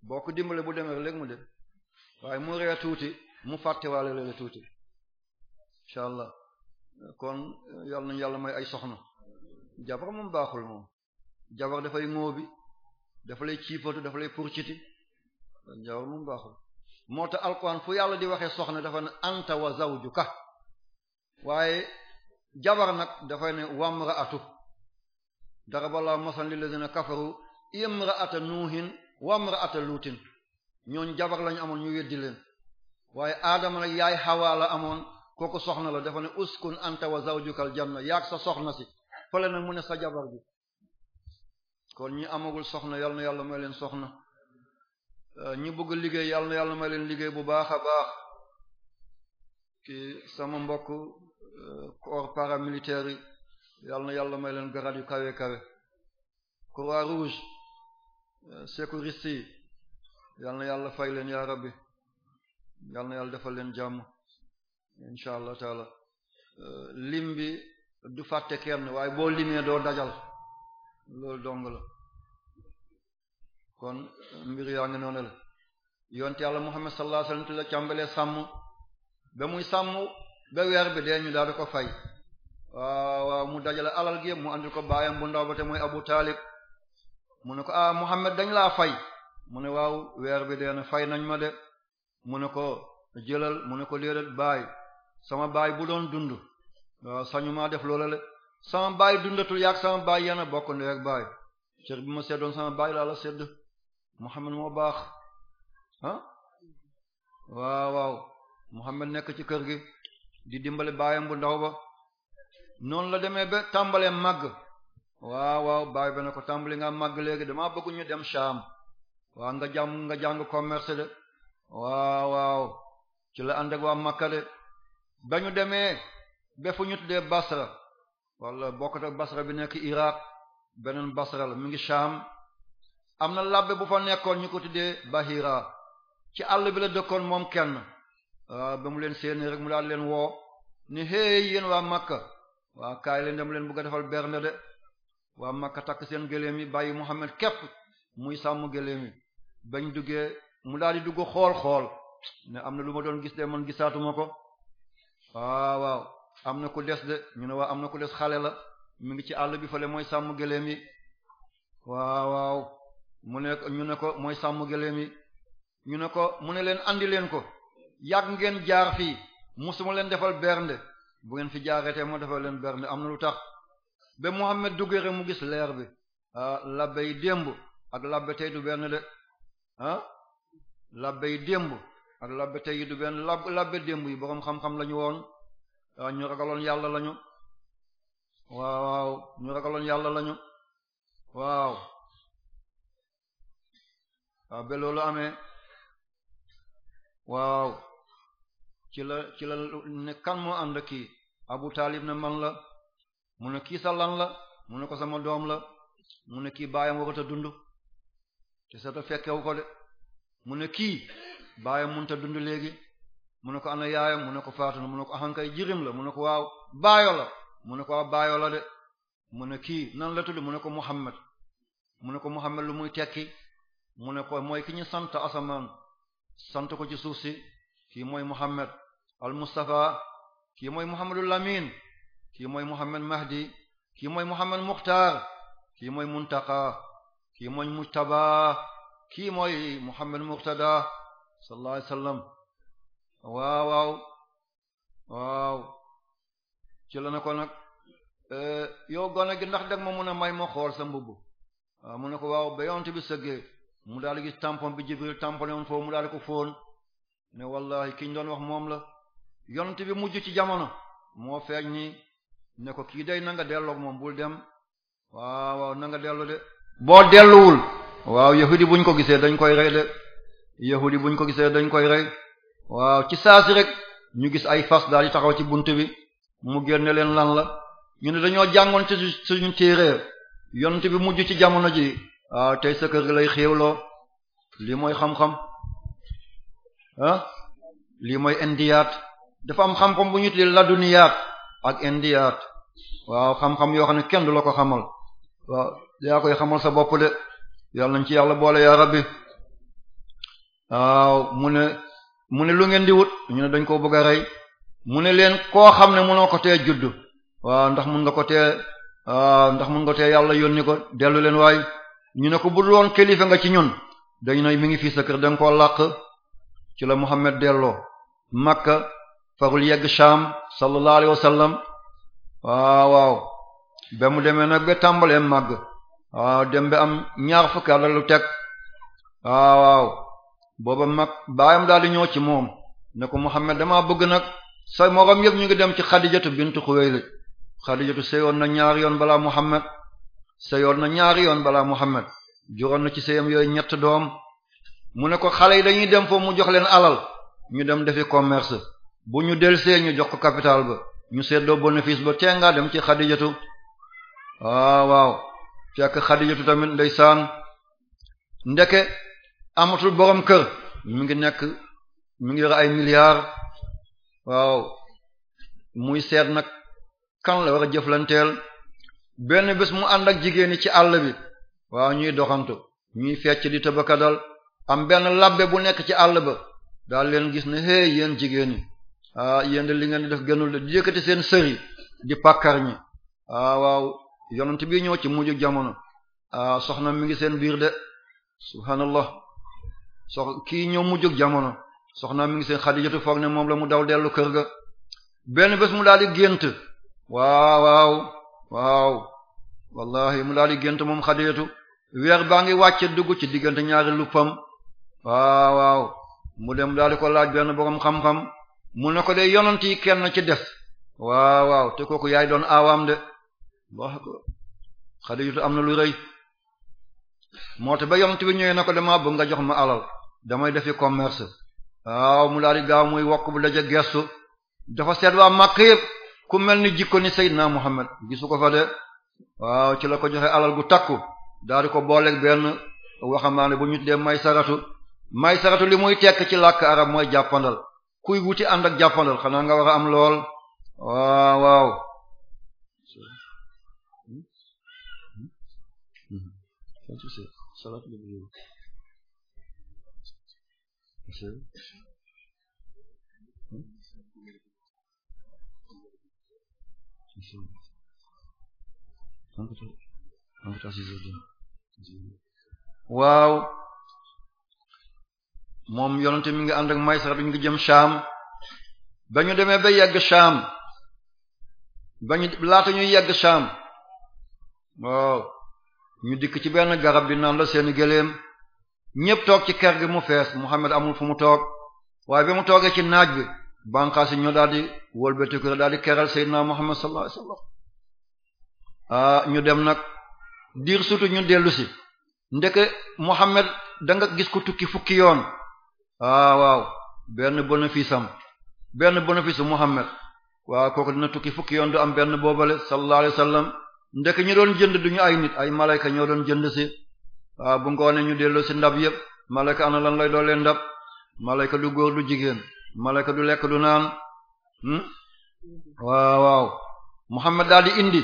boo ko dimbale bu demee léegi mu dem waaye mu ree tuuti mu fàtte waale léeg tuuti incha allah kon yàlla nañu yàlla may ay soxna jabar moom baaxul moom jabar dafay ŋóobi dafa lay ciipatu dafa lay purciti jabar moom baaxul moo tax alquran fu yàlla di waxee soxna dafa ne anta wa zawjuka waaye jabar nag dafay ne wamraatu daraballaahu masalan lillazina kafaru a nuuhin wamraata luutin ñooñ jabar lañu amul ñu weddi leen waaye aadama yaay xawaa amoon kooku soxna la dafa ne uskun anta wa zawjukal janna yaag sa soxna si fële nag mu ne sa jabar bi kon ñi amagul soxna yal na yàlla may leen soxna euh, ñi bëgg liggéey yal na yàlla may leen liggéey bu baax baax ki sama mbokk euh, corps paramilitaire yi yal na yàlla may leen grade yu kawe kawe croix rouge euh, sécuriste yi yàlla fay leen yaa rabbi yal na yàlla defal leen jàmm incha allah taala euh, lim du fàtte kenn waaye boo limee doo dajal loolu dong la kon mbir yaa ngi noonu la yonte yàlla Muhammad sallallahu alayhi wasallam la sàmm ba muy sàmm ba weer bi dee ñu daal di ko fay waaw mu dajale alal gi mu andi ko baayam bu ndaw ba te mooy Abu Talib mu ne ko ah Muhammad dañ laa fay mu ne waaw weer bi dee na fay nañ ma de mu ne ko jëlal mu ne ko léeral baay sama baay bu doon dund waaw sañu maa def loola le sama baay dundatul yaag sama baay yan a bokk ndey ak baay cër bi ma seddoon sama baay laal la sedd Muhammad moo baax ah waaw waaw Muhammad nekk ci kër gi di dimbale baayam bu ndaw ba noonu la demee ba tàmbalee màgg waaw waaw baay ba ne ko tàmbali nga màgg léegi damaa bëgg ñu dem Sham waaw nga jàng nga jàng commerce de waaw waaw ci la ànd ak waa Makka de ba demee ba fu ñu tuddee Basra walla bokkut ak Basra bi nekk Irak beneen Basra la mu ngi Sham am na labbe bu fa nekkoon ñu ko tuddee Bahira ci àll bi la dëkkoon moom kenn waaw ba mu leen séenée rek mu daal leen woo ni hey yéen waa Makka waa kaay leen dem leen bëgg a defal bernde de waa Makka takk seen gëléem yi bàyyi Muhammad képp muy sàmm gëléem yi bañ duggee mu daal di dugg xool xool ne am na lu ma doon gis de man gisaatuma ko waaw waaw am na ku des de ñu ne waa am na ku des xale la mu ngi ci àll bi fale mooy sàmm gëléem yi waaw waaw mu ne ñu ne ko mooy sàmm gëléem yi ñu ne ko mu ne leen andi leen ko yàgg ngeen jaar fii musuma leen defal bernde bu ngeen fi jaaree moo defal leen bernde am na lu tax ba Mohamed duggere mu gis leer bi ah labbe yi ak labbe tey du benn de ah labbe yi démb ak labbe tey yi du benn lab démb yi boroom xam-xam lañu woon ñu ragaloon yàlla lañu waaw ñu ragaloon yàlla lañu waaw waaw loolu amee waaw ci la ci la ne kan moo ànd kii Abu Taalib ne man la mu ne kii sa lan la mu ne ko sama doom la mu ne kii baayam warata dund te sa ta ko de mu ne kii baayam mënta dund léegi mu ne ko ana yaayam mu ne ko faatu na mu ne ko ahankay jirim la mu ne ko waaw baayo la mu ne ko waaw baayo la de mu ne kii nan la tudd mu ne ko Muhammad mu ne ko Muhammad lu muy tekki mu ne ko mooy ki ñu sant asamaan sant ko ci suuf si kii mooy Muhammad al Mustafa kii mooy Muhammadul Lamin kii mooy Muhammad Mahdi kii mooy Muhammad Mukhtar kii mooy Muntaqa kii mooy Mujtaba kii mooy Muhammad Muqtada sallallahu alayhi wasallam waaw waaw ci la na ko nag yow gone gi ndax dag ma mun a may ma xool sa mbubb mu ne ko waaw ba yonte bi sëggee mu daal di gis tampon bi Jibril tampon yoon foofu mu daal di ko fóon ne wallahi ki doon wax moom la yonte bi mujj ci jamono moo feeñ ni ne ko kii day nanga nga delloog moom bul dem waaw waaw na nga dellu de boo delluwul waaw yahudi buñ ko gisee dañ koy rey de yahudi buñ ko gisee dañ koy rey waaw ci saasi rek ñu gis ay fas daal di taxaw ci bunt bi mu génne leen lan la ñu ne dañoo jàngoon ci suñu téere yont bi mujj ci jamono ji waaw tey sa kër gi lay xéewloo lii mooy xam-xam lii mooy indiyaat dafa am xam-xam bu ñu tuddee laduniyaat ak indiyaat waaw xam-xam yoo xam ne kenn du la ko xamal waaw yaa koy xamal sa bopp de yàlla nañ ci yàlla boole yaa rabbi waaw mu ne mu ne lu ngeen di wut ñu ne dañ koo bëgg a rey mu ne leen koo xam ne mënoo ko tee judd waaw ndax mun nga ko tee ndax mun nga tee yàlla yónni ko dellu leen waay ñu ne ko bu doon kilifa nga ci ñun dañu ne mi ngi fii sa kër da koo làq ci la Muhammad delloo Makka farul yegg Sham sallallahu alayhi wasallam waaw waaw ba mu demee nag ba tàmbalee màgg waaw dem bi am ñaar fukki at lu teg waaw waaw booba mag baayam daal di ñëw ci moom ne ko Muhammad damaa bëgg nag moo morom yëpp ñu ngi dem ci Xadijatu bintu Xuwaylid Xadijatu seyoon na ñaari yoon balaa Muhammad yoon na ñaari yoon balaa Muhammad juróon na ci seyam yooyu ñett doom mu ne ko xale yi dañuy dem foofu mu jox leen alal ñu dem defi commerce bu ñu see ñu jox ko capital ba ñu seddoo bénéfice ba tee ngaa dem ci Xadijatu waaw waaw fekk Xadijatu tamit ndeysaan ndeke amatul boroom kër mu ngi nekk mu ngi yore ay milliards waaw muy seet nag kan la war a jëflanteel benn bés mu ànd ak jigéen ñi ci àll bi waaw ñuy doxantu ñuy fecc di dal am benn labbe bu nekk ci àll ba daal leen gis ne hey yéen jigéen ñi ah yéen li ngeen di def gënul di yëkkati seen sëri di pàkkar ñi ah, waaw yonent bi ñëw ci mujj jamono ah soxna mi ngi seen biir de subhaanallah sox kii ñëw mujj jamono soxna mi ngi seen xadijatu foog ne moom la mu daw dellu kër ga benn bés mu daal di gént waaw waaw wallahi mu daal gént moom xadijatu weer baa ngi wàcce dugg ci diggante ñaari luppam waaw waaw mu dem daal di ko laaj benn borom xam-xam mu ne ko de yonent yi kenn ci des waaw waaw te kooku yaay doon aawaam de wax ko Xadiijatu am na lu rëy moo te ba yom bi ñëwee na ko damaa bëgg nga jox ma alal damay defi commerce waaw mu daal di gaaw muy wokk bu daje gestu dafa seet waa Makka yëpp ku mel ni jikko ni Seydina Muhammad gisu ko fa de waaw ci la ko joxe alal gu takku daal di ko booleeg benn waxambaane bu ñu tuddee may saratu may saratu li muy tekk ci làkk arab mooy jàppandal kuy wuti ànd ak jàppandal xanaa nga war a am lool waaw waaw Waaw. Moom yonente mi ngi ànd ak Maysara bi ñu ngi jëm Sham. ba ñu demee ba yegg Sham. ba ñu laata ñuy yegg Sham. waaw ñu dikk ci benn garab bi naan la seeni gëléem ñépp toog ci ker gi mu fees Muhammad amul fu mu toog waaye bi mu toogee ci naaj bi banqaas yi ñoo daal di wëlbatiku daal di keral Seydina Muhammad sallallahu alayhi wasallam ah ñu dem nag diir surtout ñu dellu si ndeke Muhammad da gis ku tukki fukki yoon ah waaw benn bénéfice am benn bénéfice Muhammad waaw kooku dina tukki fukki yoon du am benn boobale sallallahu alayhi wasallam ndek ñu doon jënd duñu ay nit ay malayka ñoo doon jënd si waaw bu ngoone ñu delloo si ndab yëpp malayka ana lan lay doolee ndab malayka du góor du jigéen malayka du lekk du naan hmm? waaw waaw daal di indi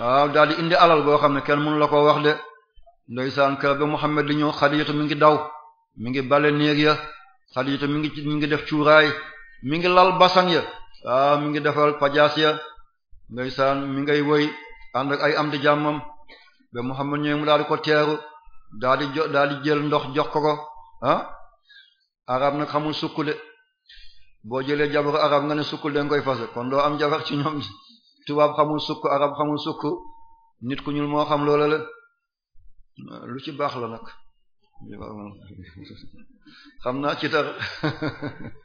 waaw daal di indi alal boo xam ne kenn mënu la ko wax de ndeysaan kër ba di ñëw Xadiija mi ngi daw mi ngi bale néeg ya Xadiija mi ngi mi ngi def cuuraay mi ngi lal basan ya waaw mi ngi defal pajaas ya ndeysaan mi ngay woy ànd ak ay am di jàmmam ba Muhammad ñëw mu daal di ko teeru daal di daal di jël ndox jox ko ko ah arab nag xamul sukkule boo jëlee jabaru arab nga ne sukkul danga koy fase kon doo am jabar ci ñoom tubaab xamul sukk arab xamul sukk nit ku ñuul moo xam loola la lu ci baax la nag xam naa ci tar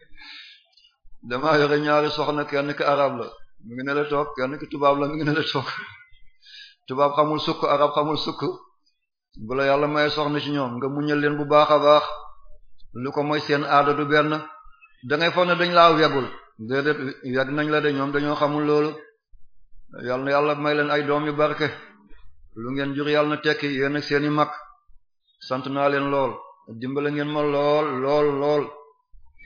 damaa yore ñaari soxna kenn ki arab la mu ngi ne la toog kenn ki tubaab la mu ngi ne la toog tubaab xamul sukk arab xamul sukk bu la yàlla may soxna ci ñoom nga muñal leen bu baax a baax lu ko mooy seen aada du benn da ngay foog ne dañ laa wegul weg nañ la de ñoom dañoo xamul loolu yàlla yàlla may leen ay doom yu barke lu ngeen jur yàll na tekki yéen ak seen i mag sant naa leen lool dimbale ngeen ma lool lool lool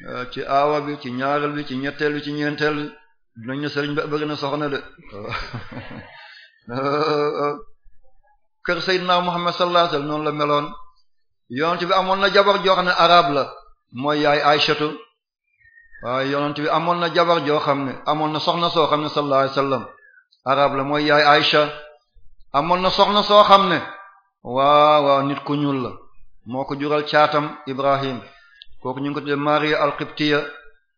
euh, ci aawa bi ci ñaareel bi ci ñetteel bi ci ñeenteel bi dinañ ne sëriñ ba bëgg soxna de Euh, euh, euh, kër Seydina Muhammad sallallahu alayhi wasallam la meloon yonent bi amoon na jabar joo xam ne arab la mooy yaay Aysatu waaye yonent bi amoon na jabar joo xam ne amoon na soxna soo xam ne sallallahu alayhi wasallam arab la mooy yaay Aysa amoon na soxna soo xam ne waaw waaw nit ku ñuul la moo ko jural caatam Ibrahim kooku ñu ngi ko tudde Maria al-Qibtiya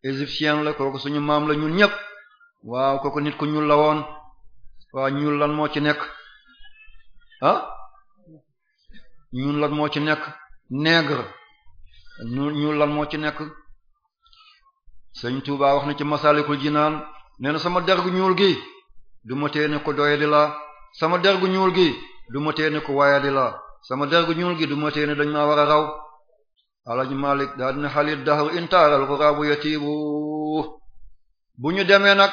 égyptienne la kooku suñu maam la ñuul ñëpp waaw kooku nit ku ñuul la woon waaw ñuul lan moo ci nekk ah ñun lan moo ci nekk nègre ñun lan moo ci nekk sëñ Tuubaa wax na ci Masaalikul Jinaan nee na sama der gu ñuul gi du ma tee ne ko doyadi laa sama der gu ñuul gi du ma ku ne ko sama der gu ñuul gi du ma dañ maa war a raw alaji Malik daa dina xalit dahru intaaral xuraabu yatiibu bu ñu demee nag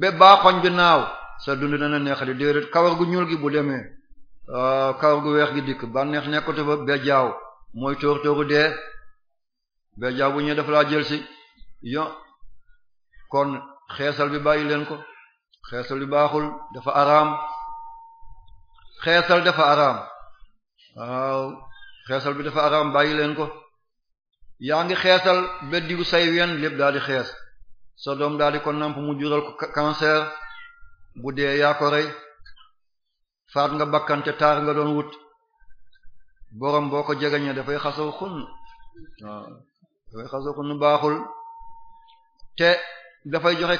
be baaxoñ bi naaw sa dund dana neexali déedéet kawar gu ñuul gi bu demee ah, kawar gu weex gi dikk bànneex nekkatu fa be jaaw mooy tóor tóoru dee be jaaw bu ñëwee dafa laa jël si yo kon xeesal bi bàyyi leen ko xeesal bi baaxul dafa araam xeesal dafa araam waaw xeesal bi dafa araam bàyyi leen ko yaa ngi xeesal beddigu say ween lépp daal di xees sa doom daal di ko namp mu jural ko bu dee yaa rey faat nga bakkante taar nga doon wut borom boo ko jegeñee dafay xasaw xun waaw dafay baaxul te dafay joxe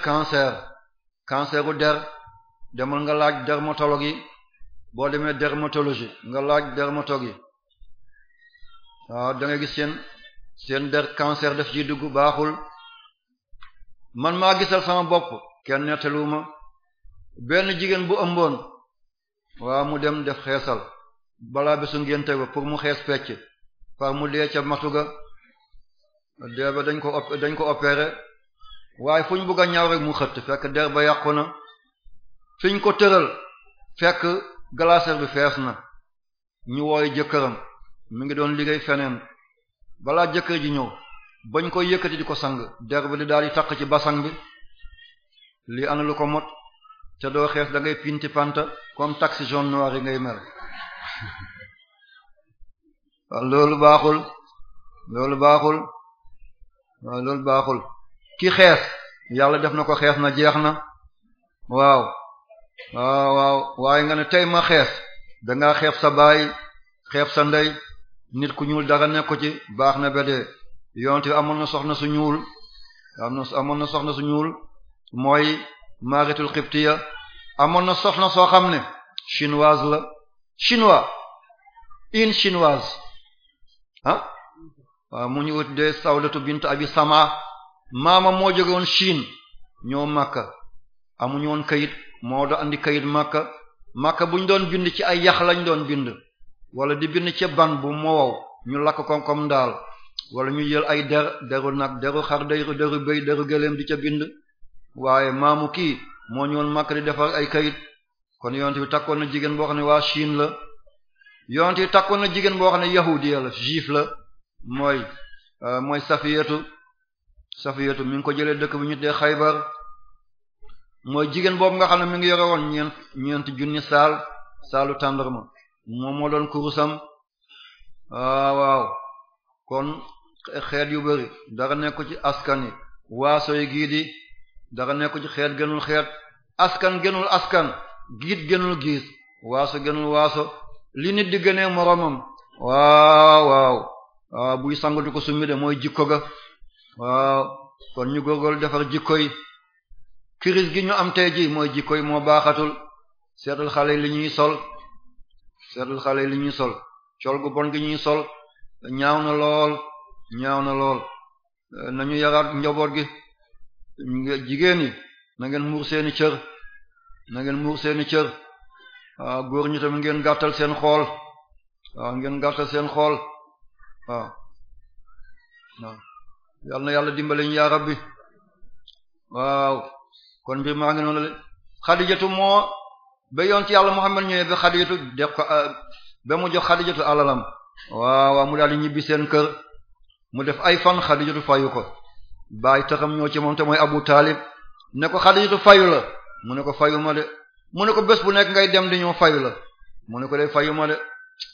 cancer gu der demal nga laaj dermatologue yi boo demee dermatologie nga laaj dermatologue yi waaw danga nga gis seen seen der cancer def ciy dugg baaxul man maa gisal sama bopp kenn nettaluma benn jigéen bu ëmboon waa mu dem def xeesal balaa bésu ngénte ba pour mu xees pecc par mu dee ca matuga der dañ ko dañ ko opéré waaye fu ñu bëgg a ñaaw rek mu xëtt fekk der ba yàqu na fi ñu ko tëral fekk glacière bi fees na ñu wooy jëkkëram mu ngi doon liggéey feneen balaa jëkkër ji ñëw bañ ko yëkkati di ko sang der bi di daal di takk ci basang bi li ana lu ko mot te doo xees da ngay pinti panta comme taxi jaune noir yi ngay mer waaw loolu baaxul loolu baaxul loolu baaxul ki xees yàlla def na ko xees na jeex na waaw waaw waaw waaye nga ne tey ma xees dangaa xeeb sa baay xeeb sa ndey nit ku ñuul dara nekk ci baax na ba de yonte amoon na soxna su ñuul amoon na soxna su ñuul mooy Maritul Qibtiya amoon na soxna soo xam ne chinoise la chinois une chinoise ah waaw mu ñu tuddee Sawdatu bint Abi Sama maama moo jóge woon Chine ñoo Makka amuñu woon kayit moo doon andi kayit Makka Makka bu ñu doon bind ci ay yax lañ doon bind wala di bind ci ban bu moo ñu lakk ko comme daal wala ñu jël ay der deru nag deru xar deru deru deru gëléem di ca bind waaye maamu kii moo ñëwoon Makka di defar ay kayit kon yonent bi takkoon na jigéen boo xam ne waa Chine la yonent bi takkoon na jigéen boo xam ne yahudiya la juif la mooy euh, mooy safiyatu safiyatu mi ngi ko jëlee dëkk bu ñu dee Xaybar mooy jigéen boobu nga xam ne mi ngi yore woon ñeent ñeent junni saal saalu tàndarma moom moo doon kurusam ah, waaw kon xeet yu bari dara nekk ci askan yi waaso yi dara nekk ci xeet gënul xeet askan gënul askan giit gënul giis waaso gënul waaso li nit di gënee moromam waaw waaw waaw buy sangu ko summi de mooy jikko ga waaw kon ñu góorgóorlu defar jikko yi crise gi ñu am tey ji mooy jikko yi moo baaxatul seetal xale yi li ñuy sol seetal xale yi li ñuy sol col gu bon gi ñuy sol ñaaw na lool ñaaw na lool nañu yaraat njaboot gi jigéen ñi na ngeen muur seeni cër na ngeen muur seeni cër waaw ah, góor ñu tamit ngeen gàttal seen xool waaw ah, ngeen gàttal seen xool ah. waaw yàlla na yàlla dimbale ñu bi waaw kon mbir maa ngi noonu la xadijatu moo ba yonent yàlla Muhammad ñëwee ba xadijatu def ko ba mu jox xadijatu alalam waaw waaw mu daal ñibbi seen kër mu def ay fan xadijatu fayu ko bàyyi taxam ñoo ci moom te mooy Abu Taalib ne ko Xadiijatu fayu la mu ne ko fayu ma mu ne ko bés bu nekk ngay dem di ñëw fayu la mu ne ko day fayu ma de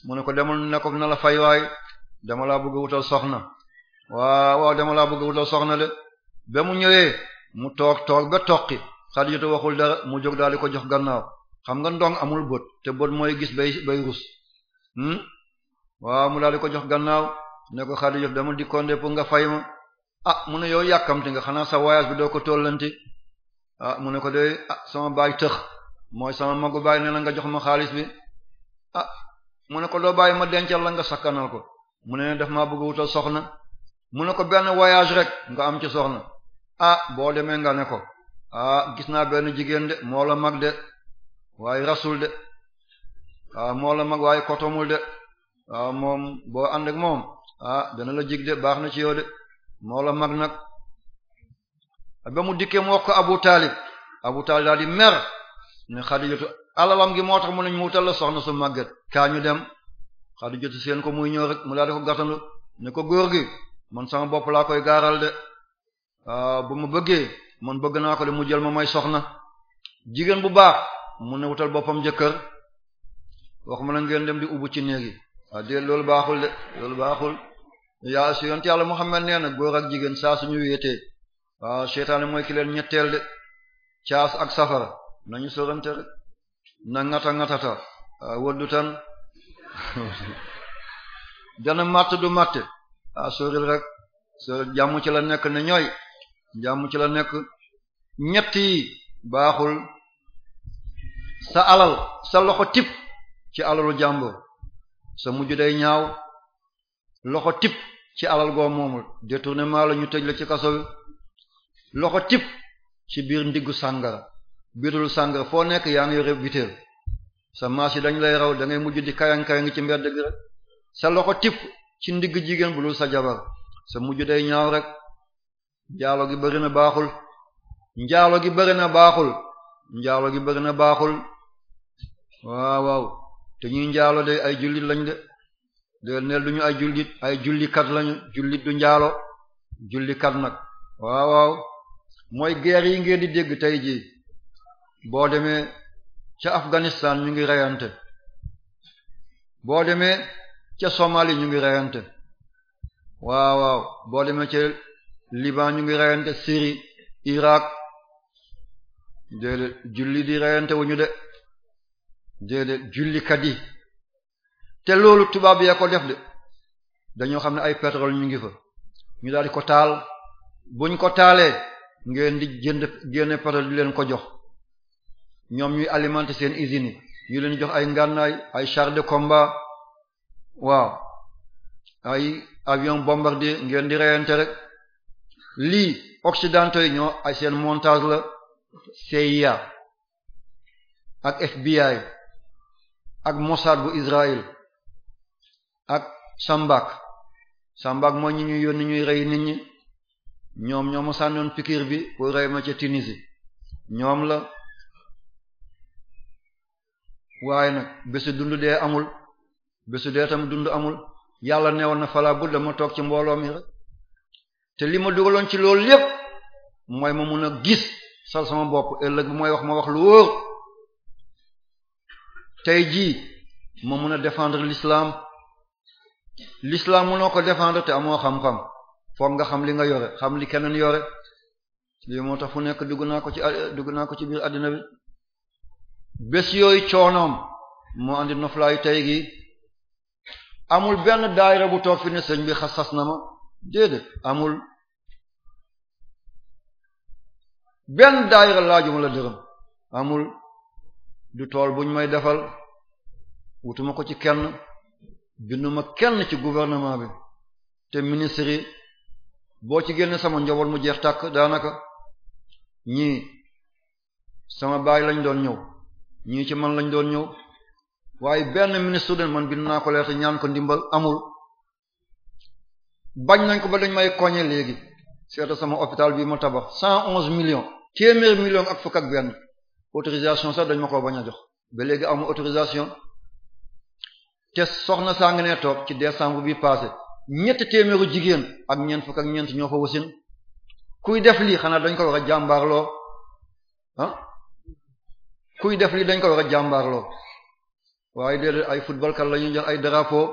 mu ne ko demal ne na la fay waay dama laa bëgg wutal soxna waaw waaw dama laa bëgg wutal soxna de ba mu ñëwee mu toog toog ba toqi Xadiijatu waxul dara mu jog daal ko jox gannaaw xam nga ndong amul bët te bët mooy gis bay bay rus hmm? waaw mu daal ko jox gannaaw ne ko Xadiijatu dama de pour nga fay ma ah mu ne yow yàkkamti nga xanaa sa voyage bi doo ko tollanti ah mu ne ko de ah sama baay tëx mooy sama magu baay nee na nga jox ma xaalis bi ah mu ne ko doo bàyyi ma dencal la nga sakkanal ko mu ne daf maa bëgg wutal soxna mu ne ko benn voyage rek nga am ci soxna ah boo demee nga ne ko ah gis naa benn jigéen de moo mag de waaye rasul de ah moo mag waaye kotomul de ah moom boo ànd moom ah dana la jig de baax na ci yow de moo la mag nag ba mu dikkee mu wax Abu Taalib Abu Taalib daal di mer ne Xadijatu alalam gi moo tax mu ne ñu wutal la soxna su màgget kaa ñu dem Xadijatu seen ko muy ñëw rek mu daal di ko gàttandu ne ko góor gi man sama bopp laa koy gaaral de ah, bu mu bëggee man bëgg naa ko de mu jël ma may soxna jigéen bu baax mu ne wutal boppam jëkkër wax ma la ngeen dem di ubbu ci néeg yi ah loolu baaxul de loolu baaxul yaa si yonte yàlla Muhammad nee na góor ak jigéen saa suñu wéetee waaw seytaane mooy ki leen ñetteel de caas ak safara nañu sorante rek na ngata ngatata woddu tan dana matt du matte ah soril rek soril jàmm ci la nekk ne ñooy jàmm ci la nekk ñetti baaxul sa alal sa loxo tip ci alalu jàmbur sa mujj day ñaaw loxo tip ci alal goo moomul détournement la ñu tëj la ci kaso bi loxo tip ci biir ndiggu sàngara biitul sàngara foo nekk yaa ngi yore biteel sa maas dañ lay raw da mujj di kayang kayang ci mbedd gi rek sa loxo tip ci ndigg jigéen bu dul sa jabar sa mujj day ñaaw rek njaalo gi bëri na baaxul njaalo gi bëri na baaxul njaalo gi bëri na baaxul waaw waaw te ñuy njaalo de ay jullit lañ de del ne duñu ay jullit ay jullikat lañu jullit du njaalo jullikat nag waaw waaw mooy guerre yi ngeen di dégg tey jii boo demee ca Afghanistan ñu ngi reyante boo demee ca Somalie ñu ngi reyante waaw waaw boo demee ca Liban ñu ngi reyante Syrie Irak déedéet julli di reyante wuñu de déedéet jullikat yi te loolu tubaab yee ko def de dañoo xam ne ay pétrole ñu ngi fa ñu daal di ko taal buñ ko taalee ngeen di jënd génne pétrole di leen ko jox ñoom ñuy alimenter seen usines yi ñu leen jox ay ngànnaay ay chars de combat waaw ay avion bombardier ngeen di reyante rek lii occidentaux yi ñoo ay seen montage la CIA ak FBI ak Mossad bu Israël ak sambak sambak mooy ñi ñuy yónni ñuy rey nit ñi ñoom ñoo ma sànnoon pikir bi pour rey ma ca Tunisie ñoom la waaye nag bésu dund dee amul bésu dee tam dund amul yàlla newoon na fala bu dama toog ci mbooloo mi rek te li ma dugaloon ci loolu lépp mooy ma mun a gis sal sama bopp ëllëg bi mooy wax ma wax lu wóor tey jii ma mun a defendre lislaam lislaam mënoo ko défendre te amoo xam-xam foog nga xam li nga yore xam li keneen yore lii moo tax fu nekk dugg naa ko ci dugg naa ko ci biir àddina bi bés yooyu coonoom moo andi noflaayu tey gi amul benn daayira bu toog fi ne sëñ bi xas-xas na ma déedéet amul benn daayira laajuma la dërëm amul du tool buñ may defal wutuma ko ci kenn binduma kenn ci gouvernement bi te ministres yi boo ci génne sama njaboot mu jeex tàkk daanaka ñii sama baay lañ doon ñëw ñii ci man lañ doon ñëw waaye benn ministre de man bind naa ko leer te ñaan ko ndimbal amul bañ nañ ko ba dañ may koñe léegi seeta sama hôpital bi ma tabax cent onze millions téeméer millions ak fukk ak benn autorisation sax dañ ma ko bañ a jox ba léegi amul autorisation te soxna saa nga ne toog ci décembre bi passé ñetti téeméeru jigéen ak ñeent fukk ak ñeent ñoo fa wasin kuy def lii xana dañ ko war a jàmbaarloo ah? kuy def li dañ ko war a jàmbaarloo waaye déedéet ay football kat la ñuy jox ay drapeau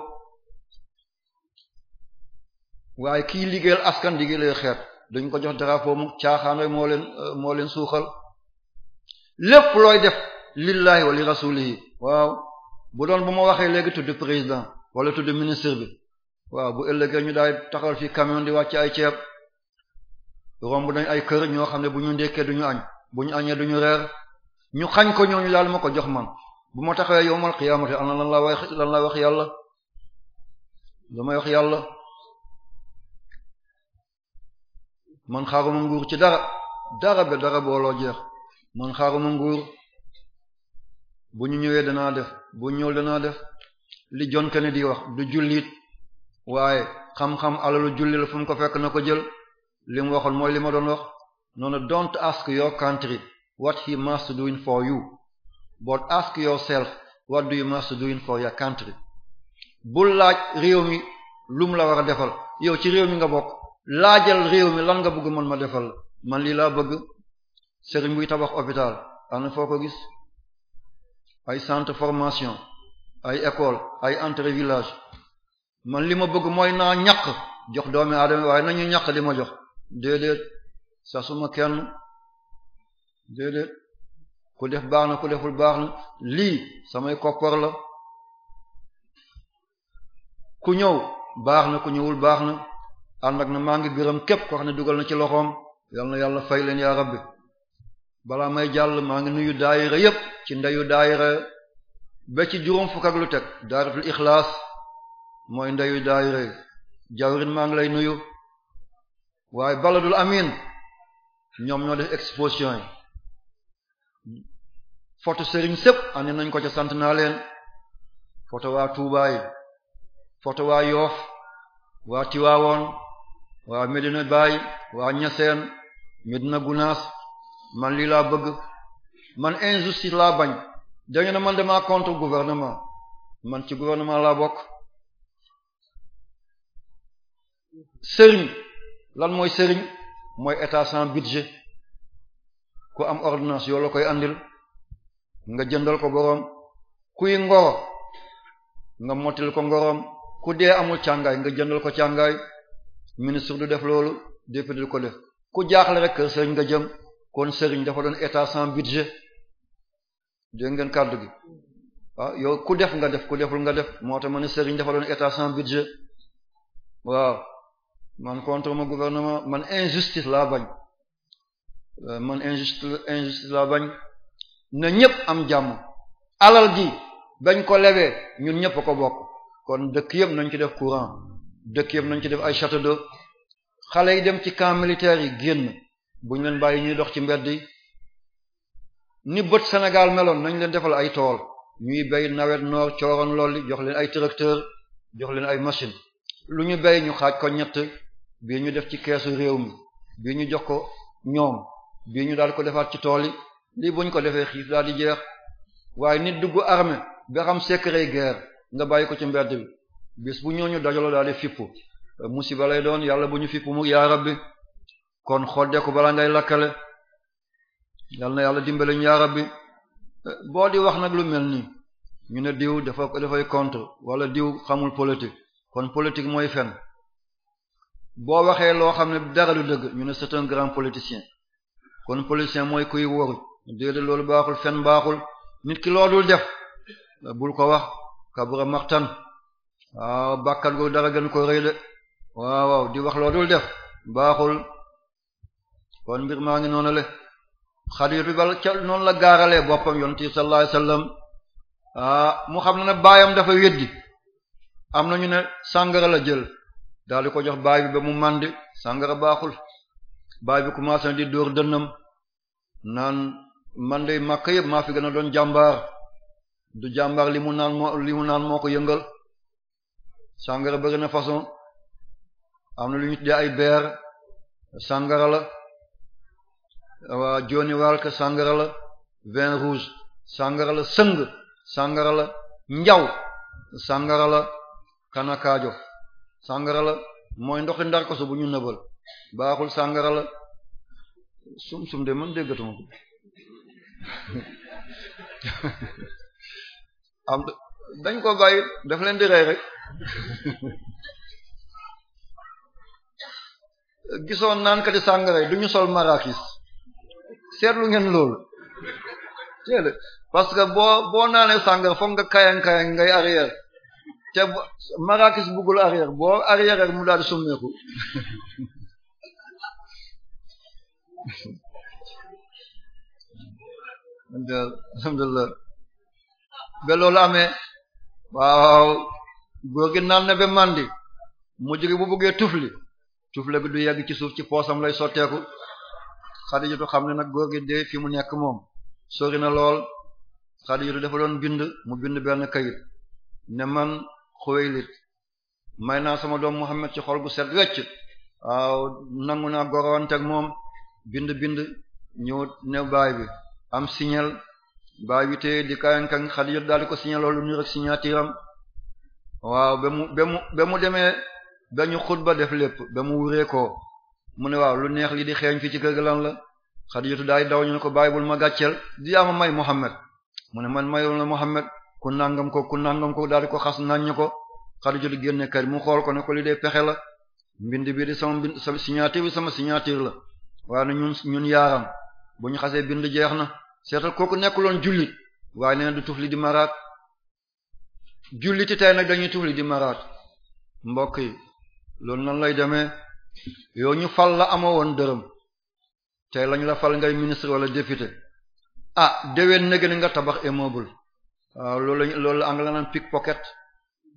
waaye kiy liggéeyal askan liggéeyal xeet dañ ko jox drapeau mu caaxaan moo leen moo leen suuxal lépp looy def lillahi wa li rasulihi waaw bu doon bu ma waxee léegi tudd président wala tudd ministre bi waaw bu ëllëgee ñu daay taxawal fi camion di wàcc ay ceeb romb nañ ay kër ñoo xam ne bu ñu ndekkee du ñu añ bu ñu añee du ñu reer ñu xañ ko ñooñu daal ma ko jox man bu ma taxawee yowmal qiyaamati ana lan la wax lan la wax yàlla damay wax yàlla man xaaruma nguur ci dara dara be dara booloo jeex man xaaruma nguur bu ñu ñëwee danaa def bu ñëw danaa def li John Kennedy wax du jullit waaye xam-xam alalu julli la fu mu ko fekk na ko jël li mu waxoon mooy li ma doon wax noonu don't ask your country what he must doing for you but ask yourself what do you must doing for your country bul laaj réew mi lum la war a defal yow ci réew mi nga bokk laajal réew mi lan nga bëgg man ma defal man lii laa bëgg sëriñ buy tabax hôpital ana foo ko gis ay centre formation ay école ay entrée village man li ma bëgg mooy naa ñaq jox doomi aadama waaye nañu ñaq li ma jox déedéet sa suma kenn déedéet ku def baax na ku deful baax na lii samay koppar la ku ñëw baax na ku ñëwul baax na ànd ak na maa ngi biram képp ko xam ne dugal na ci loxoom yal na yàlla fay leen yaa rabbi balaa may jàll maa ngi nuyu daayira yépp ci ndeyu daayira ba ci juróom fukk lu teg daayiratul ixlaas mooy ndeyu daayira jawrin maa ngi lay nuyu waaye baladul amin ñoom ñoo def exposition yi photo sëriñ sëpp andi nañ ko ca sant naa leen photo waa Touba yi photo waa Yoff waa Tiwaawoon waa Medina Baye waa Ñaseen Medina Gunaas man lii laa bëgg man injustice laa bañ danga na man dama contre gouvernement man ci gouvernement laa bokk sëriñ lan mooy sëriñ mooy état sans budget ku am ordonnance yoo la koy andil nga jëndal ko boroom kuy ngoro nga mottil ko ngoroom ku dee amul càngaay nga jëndal ko càngaay ministre du def loolu député du ko def ku jaaxle rek kër sëriñ nga jëm kon sëriñ dafa doon état sans budget dégg ngeen kàddu gi waaw ah, yow ku def nga def ku deful nga def moo tax ma sëriñ dafa doon état sans budget waaw man contre ma gouvernement man injustice laa bañ euh, man injustice injustice laa bañ na ñëpp am jàmm alal ji bañ ko lewee ñun ñëpp ko bokk kon dëkk yëpp nañ ci def courant dëkk yëpp nañ ci def ay château de xale yi dem ci camp militaire yi génn buñ leen bàyyi ñuy dox ci mbedd yi ni bët Sénégal meloon nañ leen defal ay tool ñuy béy nawet noor cooroon lool jox leen ay tracteur jox leen ay machine lu ñu béy ñu xaaj ko ñett bi ñu def ci keesu réew mi bi ñu jox ko ñoom bii ñu daal ko defaat ci tool yi lii buñ ko defee xiif daal di jeex waaye nit dugg armée ba xam secret guerre nga bàyyi ko ci mbedd bi bis bu ñu dajaloo daal di fippu musiba lay doon yàlla bu ñu fipp mu yaa bi kon xoddeeku balaa ngay lakkale yal na yàlla dimbali ñaara bi boo di wax nag lu mel nii ñu ne diw dafa dafay contre wala diw xamul politique kon politique mooy fen boo waxee loo xam ne dara du dëgg ñu ne c'est un grand politicien kon politicien mooy kuy wóoru déedéet loolu baaxul fen baaxul nit ki loodul def bul ko wax kabura maxtan waaw bàkkat gu dara gën ko rëy de waaw waaw di wax loodul def baaxul kon mbir maa ngi noonu le xadir bi bal ca noonu la gaaralee boppam yonent bi sallallahu alayhi wasallam ah mu xam ne baayam dafa weddi am na ñu ne sàngara la jël daal di ko jox baay bi ba mu màndi sàngara baaxul baay bi commencé na di dóor dënnam naan man de màkk yëpp maa fi gën a doon jàmbaar du jàmbaar limu mu naan moo naan moo ko yëngal sàngara bëri na façon am na lu ñu tuddee ay beer sàngara la waa jooni waral ka sàngara la vin rouge sàngara la sëng sàngara la njaw sàngara la kanakaajo sàngara la mooy ndoxi ndar koso bu ñu nëbal baaxul sàngara la sum sum de man déggatuma ko am dañ ko bàyyi daf leen di rey rek gisoon naan kati sàngara yi duñu sol marakis seetlu ngeen loolu teel parce que boo boo naanee sàngar foog nga kayang kayang ngay arrière te marakis buggul arrière boo arrière mu daal di summeeku alhamdulillah ba loolu amee waaw góor gi naan na mandi mujj bu buggee tufli tufle bi du yegg ci suuf ci poosam lay sotteeku xadijatu xam ne nag góor gi dee fi mu nekk moom sori na lool xadijatu dafa doon bind mu bind benn kayit ne man Xuwaylid may naa sama doom Muhammad ci xol gu set wecc waaw nangu naa gorowante ak moom bind bind ñëwut ne bay bi am signal baay bi te di kayankan Xadija daal di ko signal loolu ni rek signature am waaw ba mu ba mu ba mu ba def lépp ba mu wuree ko mu ne waaw lu neex li di xeeñ fii ci kër ga lan la Xadijatu daay daw ñu ne ko bàyyi bul ma gàcceel di ama may Muhammad mu ne man mayul la Muhammad ku nangam ko ku nangam ko daal di ko xas naññ ko Xadijatu génne kër mu xool ko ne ko li dee pexe la mbind bi di sama mbind sama signature bi sama la waaye na ñun ñun yaaram bu ñu xasee bind jeex na seetal nekk loon jullit waaye nee na du li di maraat julliti tey nag dañuy tufli di maraat mbokk yi loolu nan lay demee yow ñu fal la amoo woon dërëm tey lañu la fal ngay ministre wala député a ah, déwén nag nga tabax immeuble waaw ah, loolu loolu anglais naan pickpocket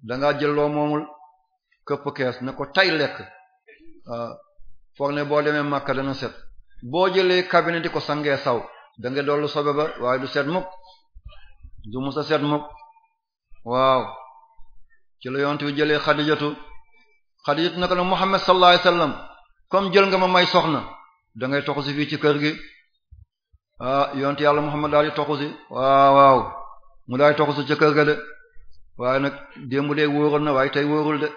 da ngaa jël loo moomul këpp kees ne ko tay lekk waaw ah, foog ne boo demee Makka dana set boo jëlee cabinet di ko sangee saw da nga dollu sobe waaye du set mukk du musa set mukk waaw ci la yonent jëlee Xadijatu Xadiija naka la Muhammad sallallahu alayhi wasallam comme jël nga ma may soxna da ngay toxusi fii ci kër gi ah yonent yàlla Muhammad daal di toxusi waaw waaw mu daal di toxusi ci kër ga de waaye nag démb de wóoroon na waaye tey wóorul de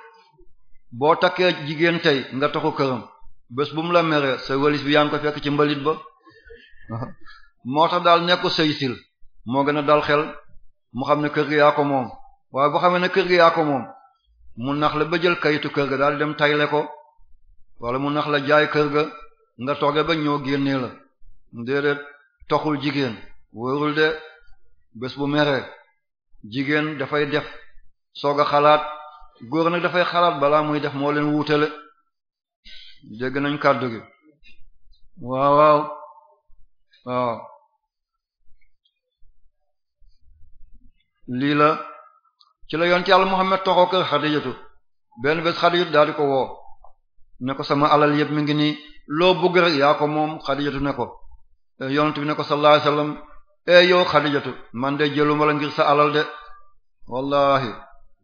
boo takkee jigéen tey nga toxu këram bés bu mu la meree sa walis bi yaa ngi ko fekk ci mbalit ba moo tax daal nekku say sil moo gën a dal xel mu xam ne kër gi yaa ko moom waaye boo xamee ne kër gi yaa ko moom mu nax la ba jël kayitu kër ga daal dem tayle ko wala mu nax la jaay kër ga nga toge ba ñoo génnee la déedéet toxul jigéen wóorul de bés bu meree jigéen dafay def soog a xalaat góor dafay xalaat balaa muy def moo leen wuutale nañ kàddu gi waaw waaw waaw ci la yoon ci yàlla Muhammad toxoo kër benn bés Xadijatu daal ko woo ne ko sama alal yëpp mi ngi nii loo bëgg rek yaa ko moom Xadijatu ne ko eh, yonent bi ne ko sallallahu alayhi eh, man de jëluma la sa alal wallahi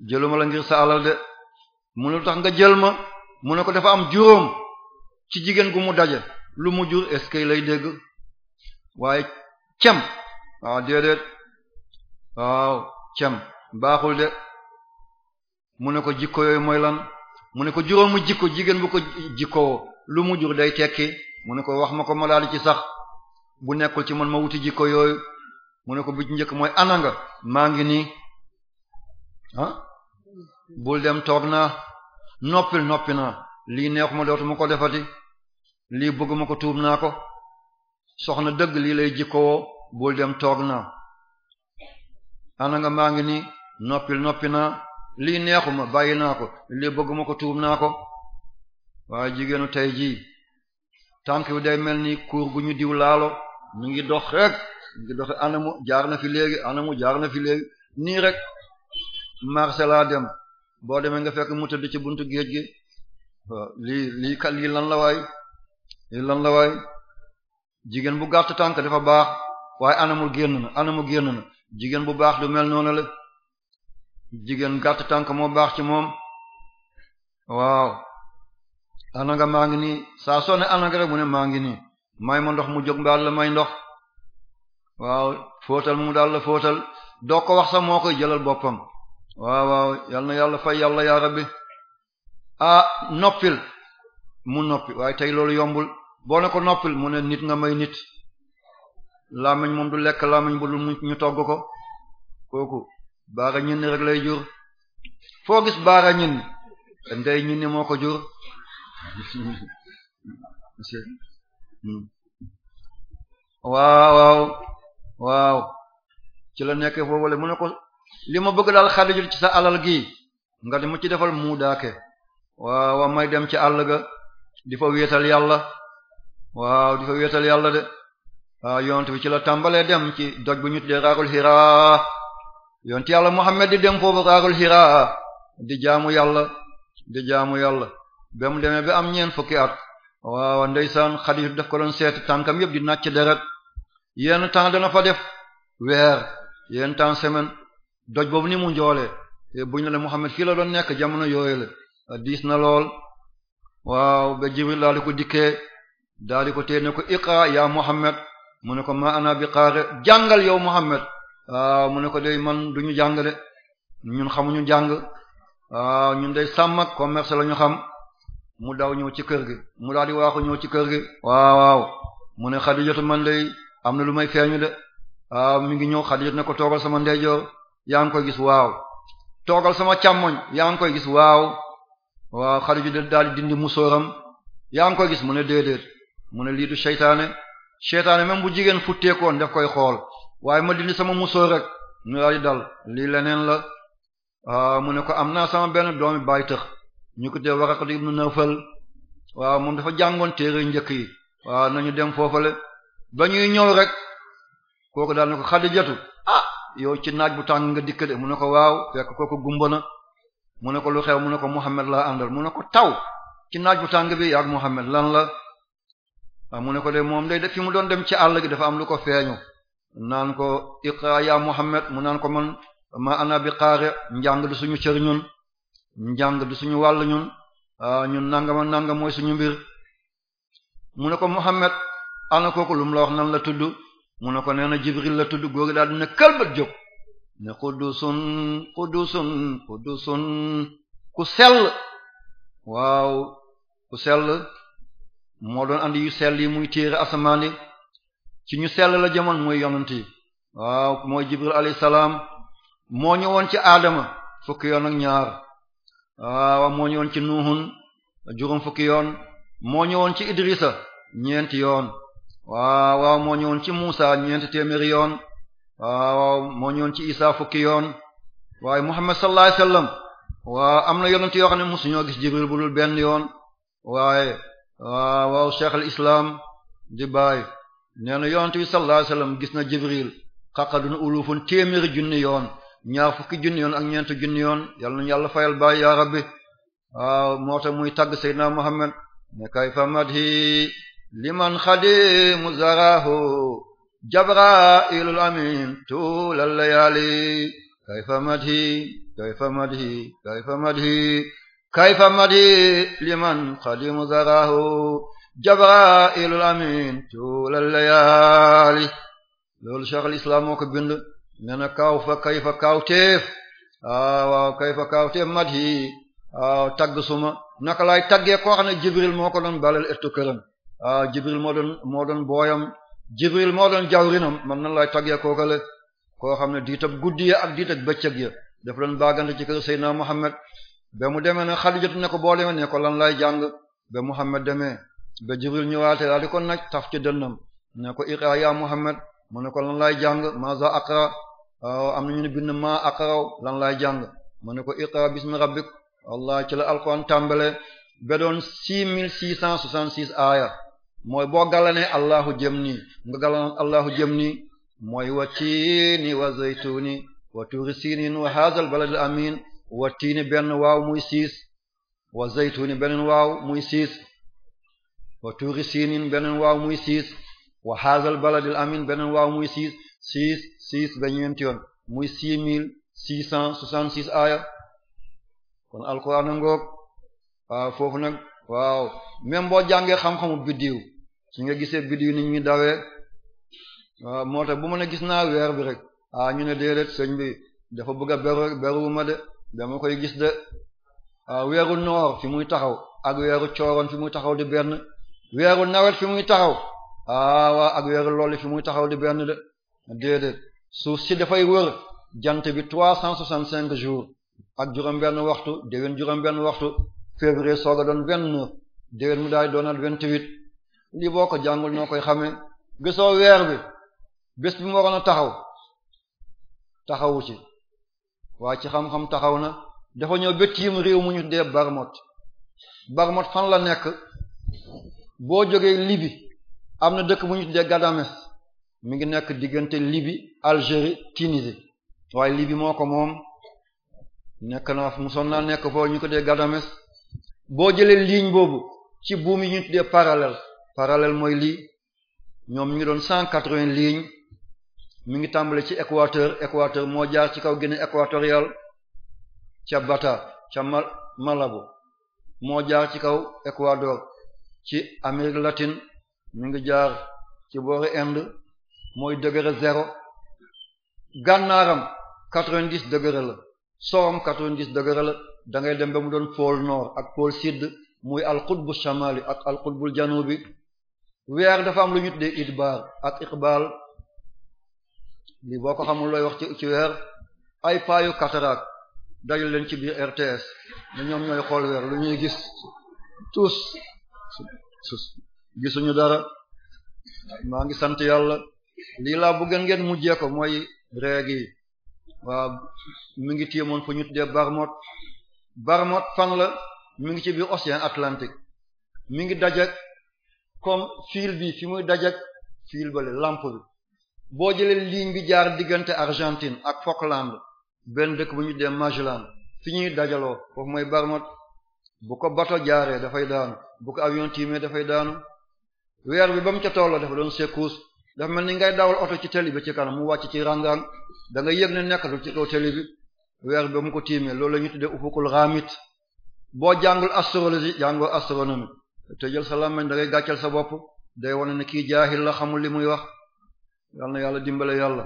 jëluma ngir sa alal de mu ne tax nga jël ma mu ne ko dafa am juróom ci jigéen gu mu daje lu mu jur est lay dégg waaye cem waaw déedéet waaw cem baaxul de mu ne ko jikko yooyu mooy lan mu ne ko juróomu jikko jigéen bu ko jikkoo lu mu jur day tekki mu ne ko wax ma ko ma laal ci sax bu nekkul ci man ma wuti jikko yooyu mu ne ko bi njëkk mooy ananga maa ngi nii ah bul dem toog naa noppil noppi naa lii neexuma dootuma ko defati lii bëgguma ko tuub naa ko soxna dëgg lii lay jikkoo bul dem toog naa ananga maa ngi nii noppil noppi naa lii neexuma bàyyi naa ko lii bëgguma ko tuub naa ko waaye jigéenu tey jii tànk wi day mel ni kuur gu ñu diw laalo mu ngi dox rek mu ngi dox anamu jaar na fi léegi anamu jaar na fi léegi nii rek marché laa dem boo demee nga fekk mu tëdd ci buntu géej gi lii lii ka lii lan la waay lii lan la jigéen bu gàtt tànk dafa baax waaye anamu génn na anamu génn na jigéen bu baax du mel noonu la jigéen gàtt tànk moo baax ci moom waaw ana nga maa ngi nii saa soo ne ana nga rek mu ne maa ngi nii may ma ndox mu jóg mbaal la may ndox waaw fóotal mu daal la fóotal doo ko wax sax moo koy jëlal boppam waaw waaw yal na yàlla fay yàlla yaa rabbi ah noppil mu noppi waaye tey loolu yombul boo ko noppil mu ne nit nga may nit làmmiñ moom du lekk làmmiñ bu dul ñu togg ko kooku baara ñin rek lay jur foo gis baara ñin ndey ñin moo ko jur waaw waaw ci la nekk foofule mu ne ko li ma bëgg daal xadijul ci sa alal gi nga di mu ci defal mu daake waaw waaw may dem ci àll ga di fa wéetal yàlla waaw di fa wéetal yàlla de waaw yonent bi ci la tàmbalee dem ci doj bu ñu tuddee raarul xiraa yonti yàlla Muhammad di dem foofu xaarul Hira di jaamu yàlla di jaamu yàlla ba mu demee ba am ñeen fukki at waaw ndeysaan xadis bi ko doon seet tànkam yëpp di nàcc deret yenn temps dana fa def weer yenn temps semaine doj boobu ni mu njoolee buñ la ne Muhammad fii la doon nekk jamono yooyu la diis na lool waaw ba Jibril daal di ko dikkee daal di ko téye ne ko iqra ya Muhammad mu ne ko maa ana bi qaari jàngal yow Muhammad Ah, mu ne ko day man duñu jàng de ñun xamuñu jàng ah, ñun day sàmm ak commerce la ñu xam mu daw ñëw ci kër gi mu daal di waaxu ñëw ci kër gi waaw waaw mu ne Xadijatu man day am na lu may feeñu de ah, mu ngi ñëw Xadijatu ne ko toogal sama ndeyjoor yaa ngi koy gis waaw toogal sama càmmoñ yaa ngi koy gis waaw waaw Xadijatu daal di dindi musóoram yaa ngi koy gis mu ne déedéet mu ne lii du seytaane seytaane même bu jigéen futteekoon daf koy xool waaye ma dindi sama musóor rek ñu daal dal lii leneen la waaw ah, mu ne ko am naa sama benn doomi bàyyi tëx ñu ko tee Waraqatu ibnu Nawfal waaw ah, moom dafa jàngoon téere njëkk yi waaw ah, nañu dem foofale ba ñuy ñëw rek kooku daal ne ko Xadijatu ah yow ci naaj bu tàng nga dikk de mu ne ko waaw fekk kooku gumba na mu ne ko lu xew mu ne ko Muhammad laa àndal mun ne ko taw ci naaj bu tàng bi yaag Muhammad lan la waaw mu ne ko de moom day def fi mu doon dem ci àll gi dafa am lu ko naan ko iqra ya Muhammad mu naan ko man ma ana bi qaare njàng du suñu cër ñun njàng du suñu wàll ñun ñun nangama nangam mooy suñu mbir mu ne ko Muhammad ana kooku lu mu la nan la tudd mu ne ko nee na Jibril la tudd góor daal dina këlbat jóg ne qudusun qudusun ku sell waaw ku sell moo doon andi yu sell yi muy téere asamaani ci ñu sell la jëmoon mooy yonent yi waaw mooy jibril alayhi salaam moo woon ci aadama fukki yoon ak ñaar waaw moo ñëwoon ci nuuhun juróom fukki yoon moo ñëwoon ci idrisa ñeenti yoon waaw waaw moo ñëwoon ci muusa ñeenti téeméeri yoon waaw waaw moo ñëwoon ci isa fukki yoon waaye muhammad sallallahu alayhi wasallam waaw am na yonent yoo xam ne musu ñoo gis jibril bu benn yoon waaye waaw waaw cheikh al di baay nee na yonent bi sallallahu gis na jibril xaqadun ulufun téeméeri junni yoon ñaar fukki junni yoon ak ñeent junni yoon yàlla nañu yàlla fayal baay yaa rabbi waaw moo tax muy tagg seydina muhammad ne kayfa madhi liman xadimu zarahu jabrailul amin tulal layali kayfa madhi kayfa madhi kayfa madhi kayfa madhi liman xadimu zarahu jabrailul amin tuulal layaali loolu cheikh al moo ko bind nee na kaw fa kay fa kawteef waaw kay fa kawteef mat yi waaw tagg suma naka laay taggee koo xam ne jibril moo ko doon balal ettu këram waaw jibril moo doon moo doon booyam jibril moo doon jawrinam man nan laay taggee kookale koo xam ne diitab guddi ya ak diitab bëccëg ya def leen baagante ci kër seydina muhammad ba mu demee ne xadijatu ne ko boo demee ne ko lan lay jàng ba muhammad demee ba jibril ñëwaate daal di ko naj taf ci dënnam ne ko iqra ya muhammad mu ne ko lan lay jàng maza aqra am nañu ne bind ma aqraw lan lay jàng mu ne ko iqra bismi rabbik wallahi ci la alquran tàmbale ba doon six mille six cent soixante-six aaya mooy boo galanee allahu jëm nii nga galan allahu jëm nii mooy wa tiini wa zaytuni wa tuuri sinin wa hazal balad amin wa tiini benn waaw muy siis wa zaytuni benn waaw muy siis wa tuuri siinin beneen waaw muy siis wa haazal baladil amin beneen waaw muy siis siis siis ba ñeenti yoon muy six mille six cent soixante six aaya kon alquran a ngoog waaw foofu nag waaw même boo jàngee xam-xamu biddiw su nga gisee biddiw ni ñi dawee waaw moo tax bu ma gis naa weer bi rek ah ñu ne déedéet sëñ bi dafa bëgg a beru beruwuma de dama koy gis de ah, weeru noor fi muy taxaw ak weeru cooroon fi muy taxaw di benn weeru nawet fi muy taxaw ah, waa ak weeru loolu fi muy taxaw di benn de déedéet suuf si dafay wër jant bi trois cent soixante cinq jours ak juróom-benn waxtu déwén juróom-benn waxtu février sooga doon vingt-neuf déwén mu daay doonaat vingt-huit li boo ko jàngul noo koy xamee gisoo weer bi bés bi mu waroon a taxaw taxawu ci waaye ci xam-xam taxaw na dafa ñëw ba tiim réew mu ñu dee Barmot Barmot fan la nekk boo jogee Libi am na dëkk bu ñu tuddee Gadamès mi ngi nekk diggante Libi Algérie Tunisie waaye Libi moo ko moom nekk naa musoon naa nekk foofu ñu ko dee Gadamès boo jëlee ligne boobu ci buum yi ñu tuddee parallèle mooy lii ñoom ñu ngi doon cent quatre-vingts lignes ngi tàmbale ci équateur équateur moo jaar ci kaw Guinée équatoriale ca Bata ca Malabo moo jaar ci kaw Équador ci Amérique latine mu ngi jaar ci boori Inde mooy degré zéro gànnaaram quatre-vingt-dix la sowam quatre-vingt-dix degré la da dem ba mu doon pôle nord ak pôle sud muy alqutbu shamali ak alqutbul janubi weer dafa am lu ñu tuddee idbaar ak iqbal li boo ko xamul looy wax ci ci weer ay paayu cataracte dajal leen ci biir RTS ne ñoom ñooy xool weer lu ñuy gis tous su gisuñu dara maa ngi sant yàlla lii laa bëgg ngeen mujjee mooy reegi waaw mi ngi téemoon fu ñu tuddee Barmouth Barmouth fan la mi ngi ci biir océan Atlantique mi ngi dajak comme fil bi fi muy dajak fil bale lampe bi boo jëlee ligne bi jaar diggante Argentine ak Falkland benn dëkk bu ñu tuddee Magellan fi ñuy dajaloo foofu mooy Barmouth bu ko bato jaaree dafay daanu bu ko avion tiimee dafay daanu weer bi ba mu ca tolloo dafa doon secousse dafa mel ni ngay dawal oto ci teli bi ci kanam mu wàcc ci rangaan da nga yëg ne nekkatul ci kaw teli bi weer bi ba mu ko tiimee loolu la ñu tuddee ufukul ramit boo jàngul astrologie jàngoo astronomie te jël sa làmmañ da ngay gàcceel sa bopp day wane na kii jaahil la xamul li muy wax yal na yàlla dimbale yàlla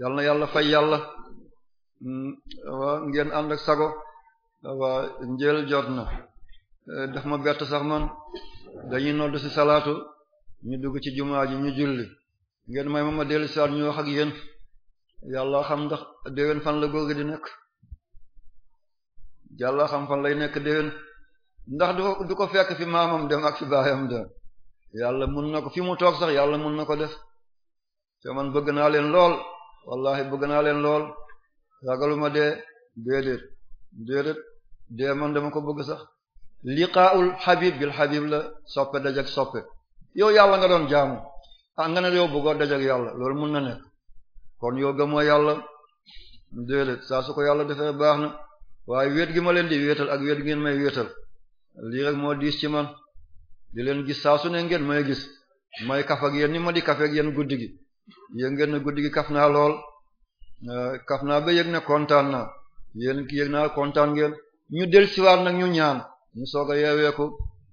yal na yàlla fay yàlla hmm, ngeen ànd sago waa njël jot na eh, daf ma bett sax man dañuy nodd si salaatu ñu dugg ci jumaa ji ñu julli ngeen may ma ma dellu saat ñu wax ak yéen yàlla xam ndax déwén fan la góor gi di nekk yàlla xam fan lay nekk déwén ndax du ko du ko fekk fi maamam dem ak fi baayam dem yàlla mun na ko fi mu toog sax yàlla mun na ko def te man bëgg naa leen lool wallahi bëgg naa leen lool ragaluma dee déedéet déedéet dee man dama ko bëgg sax liqaul xabib bil xabib la soppe dajak soppe yow yàlla nga doon jaamu ah nga ne yow bëggoo dajak yàlla lool mën na nekk kon yow gëmoo yàlla déedéet saa su ko yàlla defee baax na waaye wéet gi ma leen di wéetal ak wéet gi ngeen may wéetal lii rek moo diis ci man di leen gis saa su ne ngeen may gis may kaf ak yéen ni ma di kaf ak yéen guddi gi yéen ngeen ne guddi gi kaf naa lool eh, kaf naa ba yëg kontaan naa yéen ki yëg kontaan ngeen ñu del siwaar nag ñu ñaan ñu soog a yeeweeku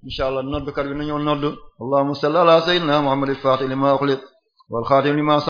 insha allah noddkat bi nañoo nodd allahumma salli ala sayyidina muhammad al-fatih lima ughliq wal khatim lima